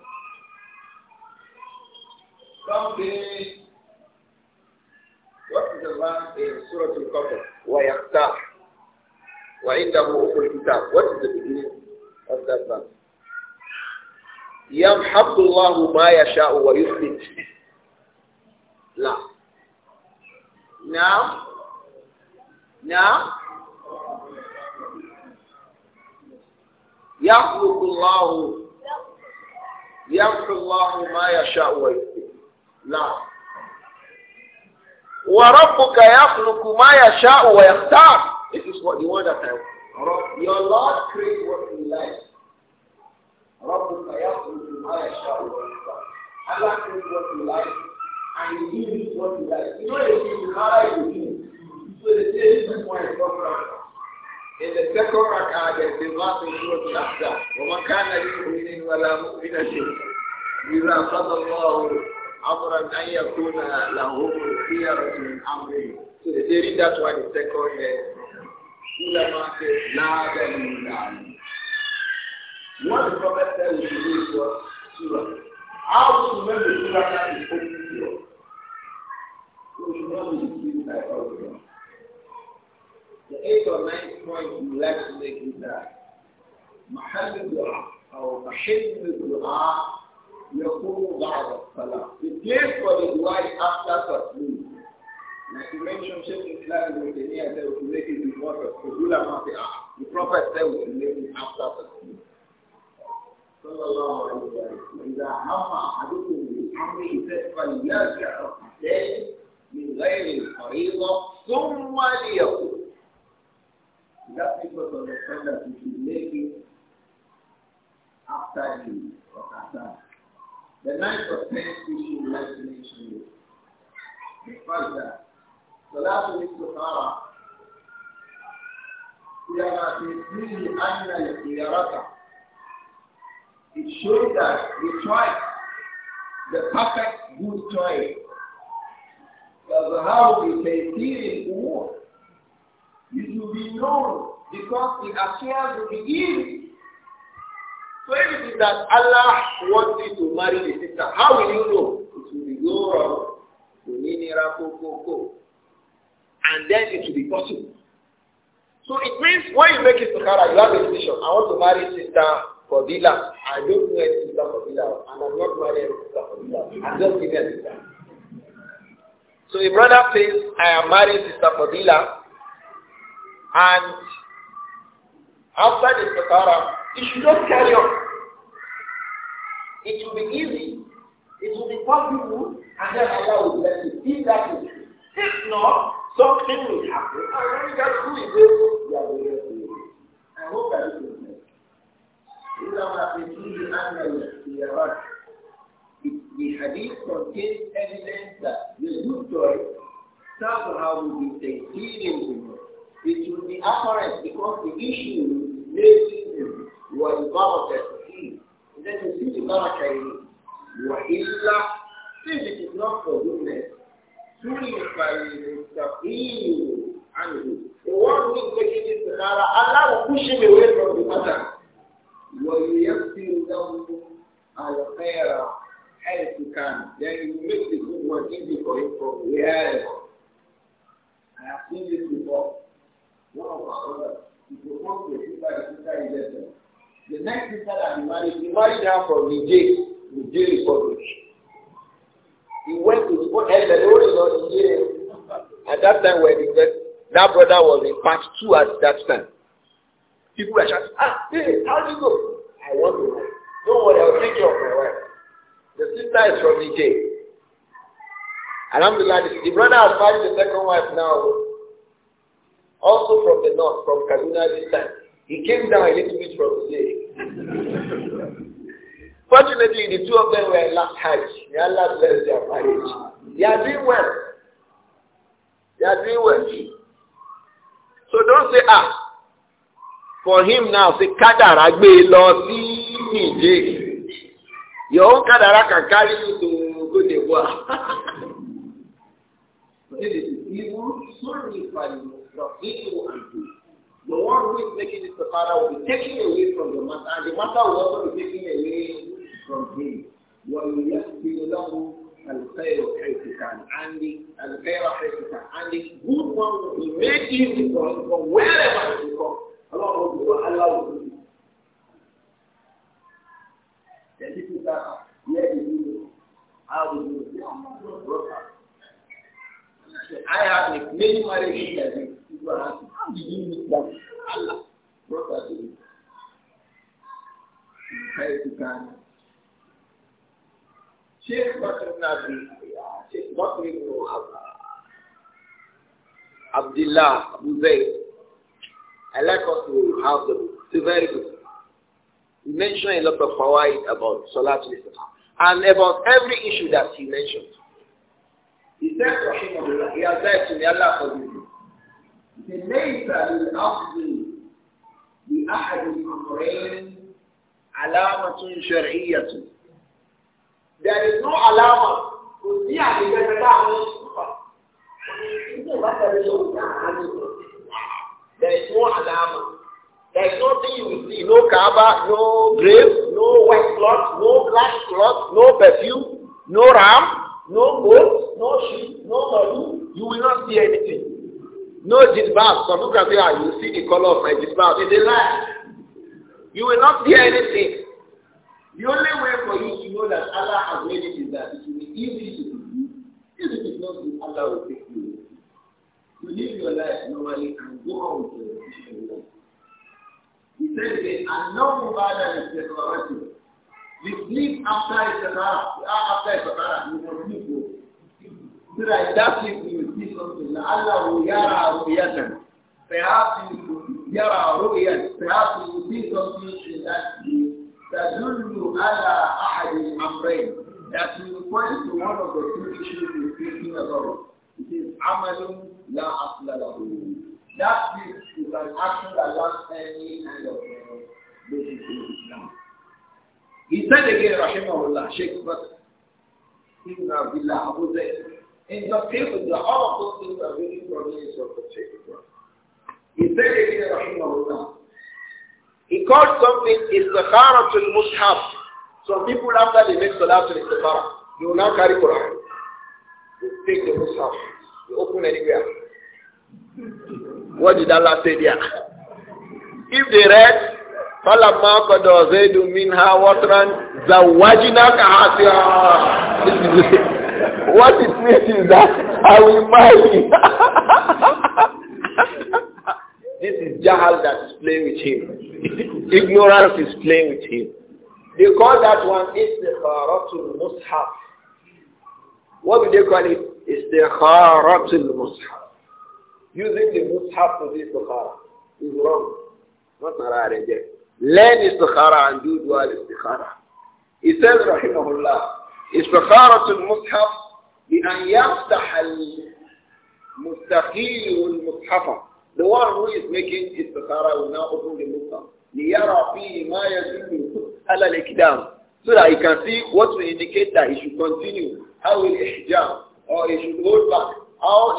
Some say, what is the verse in Surah Al-Qadr? وَيَخْتَارُ وَعِنْدَهُ أُمُ الْكِتَابِ What is the beginning of that verse? يمحق الله ما يشاء ويثبت لا Now? Now? يخلق الله يخلق الله ما يشاء ويكتب لا وربك يخلق ما يشاء ويختار This is what you want to tell. Your Lord creates what he likes. ربك يخلق ما يشاء ويختار Allah creates what he likes. and you give it what you like. You know, if you hire you do. So the say is why it's In the second rakah, there's the verse in Surah Al-Ahzab. وَمَا كَانَ a وَلَا مُؤْمِنَةٍ إِذَا قَضَى اللَّهُ أَمْرًا أَنْ يَكُونَ So the say read that the second year. Ulama says, لَا دَلِيلَ عَلِيهِ What the Prophet said we should do is what? How to remember Surah that is open to we by The eighth or ninth point we would like to make is that محل or أو محل الدعاء يكون بعد The place for the dua is after Like you mentioned, Sheikh Islam in Mauritania said we make it before the the Prophet said we should make it after tasbih. صلى الله عليه وسلم. وإذا هم أحدكم بالأمر he الحسين من غير الفريضة ثم ليقول should make it after you The ninth of tenth mention is the fact that Salatul Istikhara yana tesiri it shows that the choice the perfect good choice فالذهاب بتيسير الأمور It will be known because it appears to be easy. So everything that Allah wants you to marry the sister, how will you know? It will be known. And then it will be possible. So it means when you make it to Kara, you have a decision. I want to marry sister Fadila. I don't know any sister Fadila. And I'm not marrying sister Fadila. I'm just giving sister. So a brother says, I am married, Sister Fadila and after the Sakara, you should just carry on. It will be easy. It will be possible and then Allah will bless you. If that is true. If not, something will happen and then you get through it. Yeah, we get through it. I hope that it will make the hadith contains evidence that the good story somehow will be experienced. It will be apparent because the issue raised was about the sea. Then you see the Baraka وإلا since it is not for goodness, truly فَلْيَسْتَقِيمُ عنه. The one who is making this Sahara, Allah will push him away from the matter if you can, then you make the good work easy for you from wherever. I have seen this before. One of our brothers, he proposed to a sister, the sister is dead. The next sister that he married, he married her from Niger, Niger Republic. He went to school, and the Lord Niger. At that time, when he said, that brother was in part two at that time. People were shouting, ah, hey, how do you go? I want to go. Don't worry, I'll take care of my wife. The sister is from Niger. Alhamdulillah, the brother has married the second wife now, also from the north, from Kaduna this time. He came down a little bit from Niger. Fortunately, the two of them were last Hajj. May Allah bless their marriage. They are doing well. They are doing well. So don't say, ah, for him now, say, Kadar, I will not see your own can carry you to go to war. from evil and good. The one who is making it the father will be taken away from the master, and the master will also be taken away from him. وَيُيَسْبِلُ لَهُ الْخَيْرُ حَيْثُ كَانَ And the الْخَيْرَ of كَانَ And the good one will be made easy from wherever he comes. Allah will that where you go? I have like many marriages that people are to me. He tried to Ghana. Sheikh Bakr Nabi, Sheikh Abdullah Abu Zayd. I like us to have the very good. He mentioned a lot of Hawaii about Salatul Istisqa and about every issue that he mentioned. He said, to him, he has said to me, Allah forgive The name said, لَيْسَ the بِأَحَدِ الْأَمْرَيْنِ عَلَامَةٌ شَرْعِيَّةٌ There is no alama. There is no alama. There is nothing you will see. No Kaaba, no grave, no white cloth, no black cloth, no perfume, no ram, no goat, no sheep, no malu. You will not see anything. No jizbab. Some people at say, ah, you see the color of my jizbab. It's a lie. You will not see anything. The only way for you to know that Allah has made it is that it will be easy to do. If it is not good, Allah will take you. You live your life normally and go on with your he says again, and no mubada is the corrective. You sleep after Istikhara. After Istikhara, you will sleep. So that in that sleep you will see something. Allah will yara ruyatan. Perhaps you will yara ruyan. Perhaps you see something in that sleep. تدل على أحد الأمرين that will point to one of the two issues we're speaking about. It is عمل لا أصل له. That an action that lacks any kind of uh, basis He said again, Rahimahullah, Sheikh Bakr, Ibn Abdullah Abu Zayd, in the people, the, all of those things are really from the of the Sheikh He said again, Rahimahullah, he called something the Mushaf. Some people after they make Salatul Istikhara, they will now carry Quran. They take the Mushaf. They open anywhere. What did Allah say there? If they read, فَلَمَّا قَدَ زَيْدُ مِنْهَا وَطْرًا زَوَّجِنَاكَ حَاسِرًا What it means is that I will marry. this is Jahal that is playing with him. Ignorance is playing with him. They call that one Istikharatul Mus'haf. What do they call it? Istikharatul Mus'haf. Using the mushaf to do istikhara is wrong. Not Nara Reject. Learn istikhara and do dual istikhara. He says, Rahimahullah, استخارة المصحف بأن يفتح المستقيل والمصحف The one who is making istikhara will now open the mushaf. ليرى فيه ما يدل على الإقدام So that he can see what will indicate that he should continue. How will ihjam or he should hold back. أو of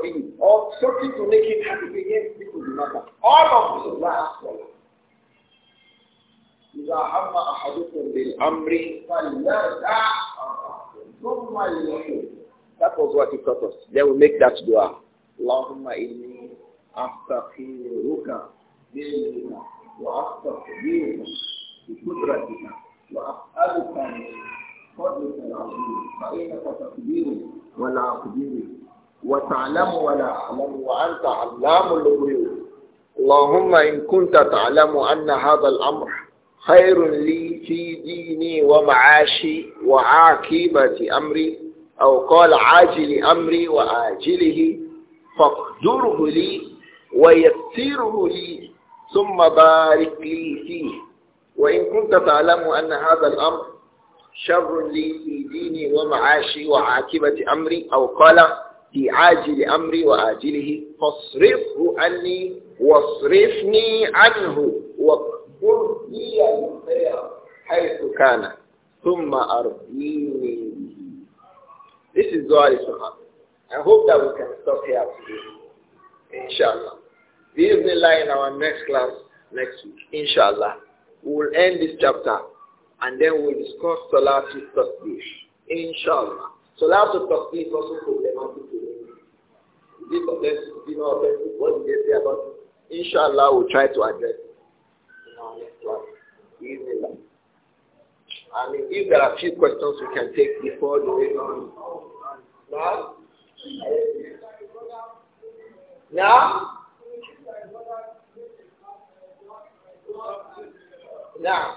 به or something to make him happy again this is the matter all of this Allah for إذا هم أحدكم بالأمر ثم يقول That was what he taught us. Then we make that dua. اللهم إني أستغفرك بإذنك وأستغفرك بقدرتك وأسألك من فضلك العظيم فإنك تقديرني ولا أقدر وتعلم ولا أعلم وأنت علام الغيوب اللهم إن كنت تعلم أن هذا الأمر خير لي في ديني ومعاشي وعاقبة أمري أو قال عاجل أمري وآجله فاقدره لي ويسره لي ثم بارك لي فيه وإن كنت تعلم أن هذا الأمر شر لي في ديني ومعاشي وعاقبة أمري أو قال في عاجل أمري فاصرفه عني واصرفني عنه لي حيث كان ثم أرضيني This is Dua Ismail. I hope that we can stop here today. Inshallah. This will lie in our next class next week. Inshallah. We will end this chapter and then we'll discuss Salatul Tasbih. Inshallah. Salatul Tasbih is also problematic today. This offense, what did they say about it? Inshallah, we'll try to address it. I mean, if there are a few questions we can take before the on. Now? Now? Now?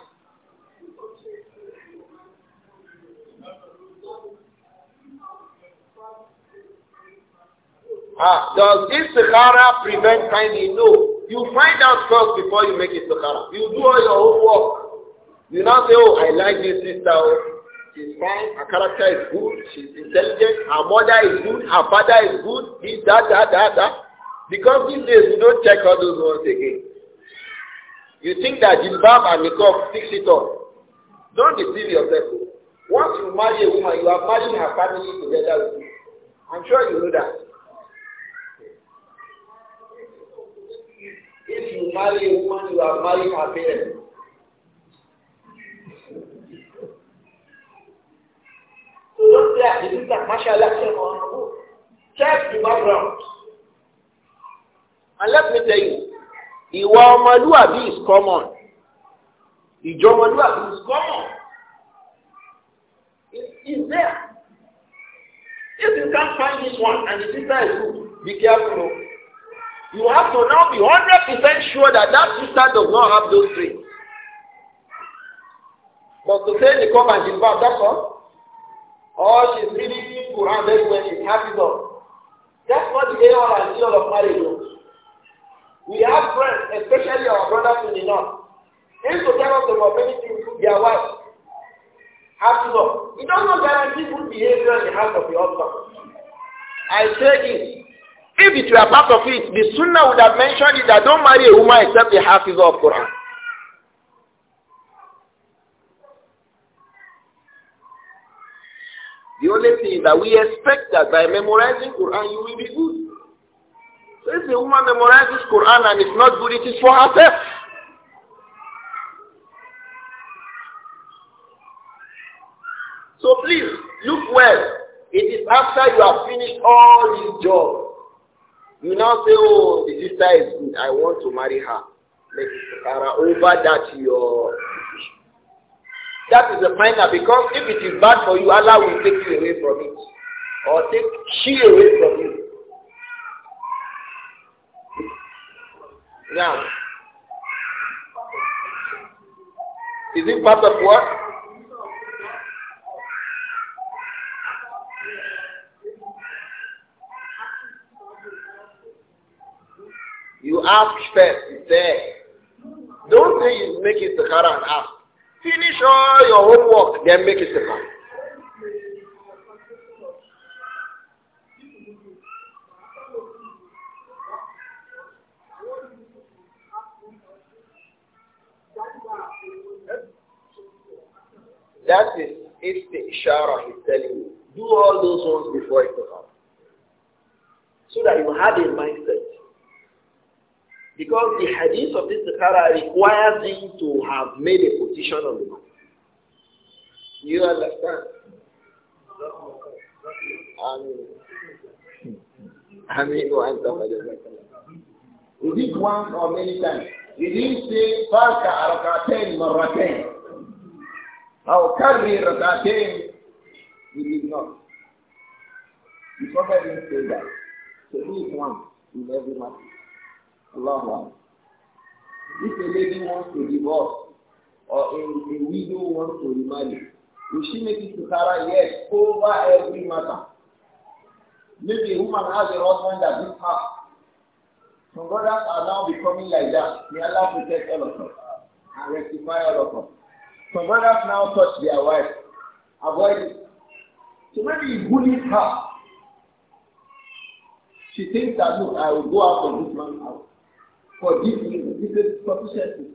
Ah, does istikhara prevent timing? No. You find out first before you make istikhara. You do all your homework. You now say, oh, I like this sister. Oh. She's fine. Her character is good. She's intelligent. Her mother is good. Her father is good. This, that, that, that, that. Because these days, you don't check all those ones again. You think that Jilbab and Nikov fix it all. Don't deceive yourself. Once you marry a woman, you are marrying her family together with you. I'm sure you know that. marry a woman who has married her parents. So don't say, ah, this is a martial action on Check the background. And let me tell you, ìwà ọmọlúwàbí is common. Ìjọ ọmọlúwàbí is common. It is there. If you can't find this one and the sister is good, be careful. You have to now be 100% sure that that sister does not have those dreams. But to say the cup and involved, that's all. Or she's reading Quran very well, she's happy though. That's what the aim and seal of marriage. We have friends, especially our brothers in the north. They used to tell us about many to their wives. After all, it does not guarantee good behavior in the house of the husband. I say this if it were part of it, the Sunnah would have mentioned it that don't marry a woman except the is of Quran. The only thing is that we expect that by memorizing Quran you will be good. So if a woman memorizes Quran and it's not good, it is for herself. So please, look well. It is after you have finished all these jobs you now say, oh, the sister is good. I want to marry her. Make her over that your... That is a final because if it is bad for you, Allah will take you away from it. Or take she away from you. Now, is it part of what? You ask first, there. Don't say you make it istikhara and ask. Finish all your homework, then make it Quran. That is the istishara he's telling you. Do all those ones before it comes. So that you have a mindset. Because the hadith of this Takara requires him to have made a petition on the matter. You understand? Um, I mean, one or many times? Did he say, Faka times. marratain? Or carry rakatain? He did not. The Prophet didn't say that. So this one in every matter. Allah. If a lady wants to divorce or a, a widow wants to remarry, will she make it to Sarah? Yes, over every matter. Maybe a woman has a husband that beats her. Some brothers are now becoming like that. May Allah protect all of us and rectify all of us. Some brothers now touch their wife. Avoid it. So maybe he bullies her. She thinks that, look, I will go out of this man's house for this reason. This is sufficiency.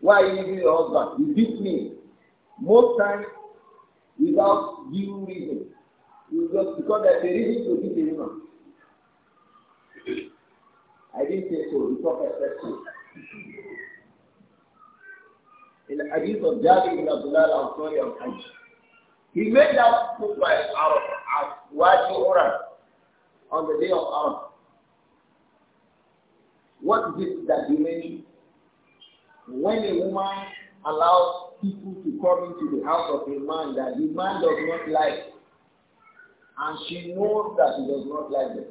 Why are you leaving your husband? You beat me. Most times, without due reason. just because there's a reason to beat a woman. I didn't say so. The prophet said so. In the hadith of Jabir ibn Abdullah al-Ansari of Hajj, he made that khutbah in Arafah as Wadi Oran on the day of Arafah. What is it that mean? when a woman allows people to come into the house of a man that the man does not like, and she knows that he does not like them?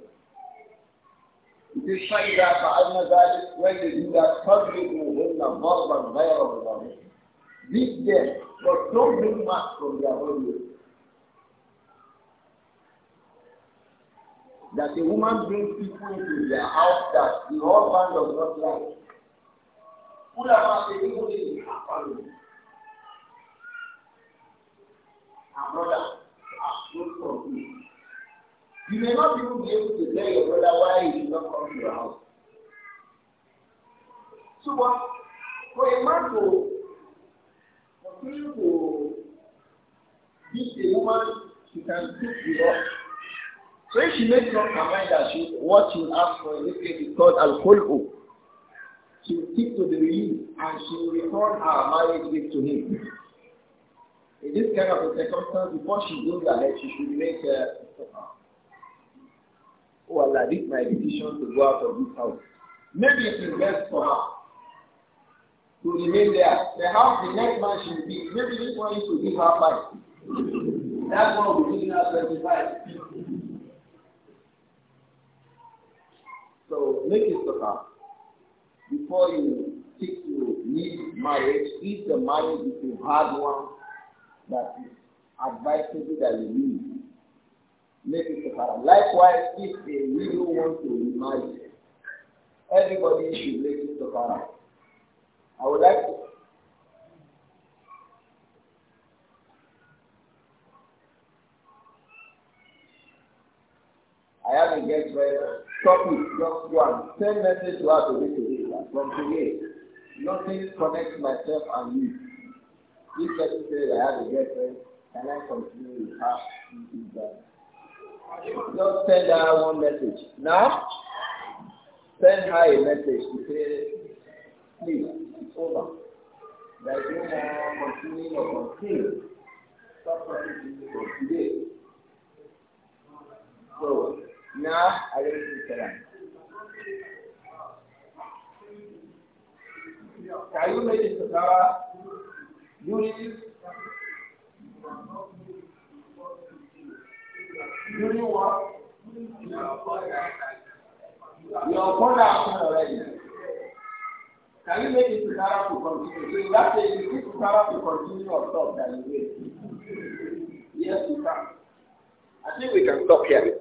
It is like that فَأَنَّ ذَلِكَ when they do that فَضْرِبُهُنَّ ضَرْبًا غَيْرَ ضَرْبٍ Beat them, but don't bring much from their own that a woman brings people into their house that the husband does not like. Put about the people in her family. Her brother are close from you. You may not even be able to tell your brother why he did not come to your house. So what? For a man to continue to beat a woman, she can beat you up. So she makes up her mind that she, what she will ask for in this case is called al She will stick to the belief and she will return her marriage gift to him. In this kind of a circumstance, before she goes ahead, she should make uh, well, I did my decision to go out of this house. Maybe it is best for her to remain there. The house, the next man she will be. Maybe this one is to give her five. That one will be giving her 25. So make it suffer. Before you seek to leave marriage, if the marriage is a hard one, that is advisable that you leave. Make it suffer. Likewise, if a widow wants to remarry, everybody should make it suffer. I would like to I have a guest right topic, just one. Send message to her today, today, from today, nothing connects myself and you. This person said I have a girlfriend, can I continue with her? Just send her one message. Now, send her a message to say, please, it's over. There is no more continuing or continuing. Stop continuing for today. So, Nuh alayhi salam. Can you make it to Sarah? Yunus You know what? Your father has already. Can you make to to continue? So you to it to continue your thought that you Yes, sir. I think we can stop here.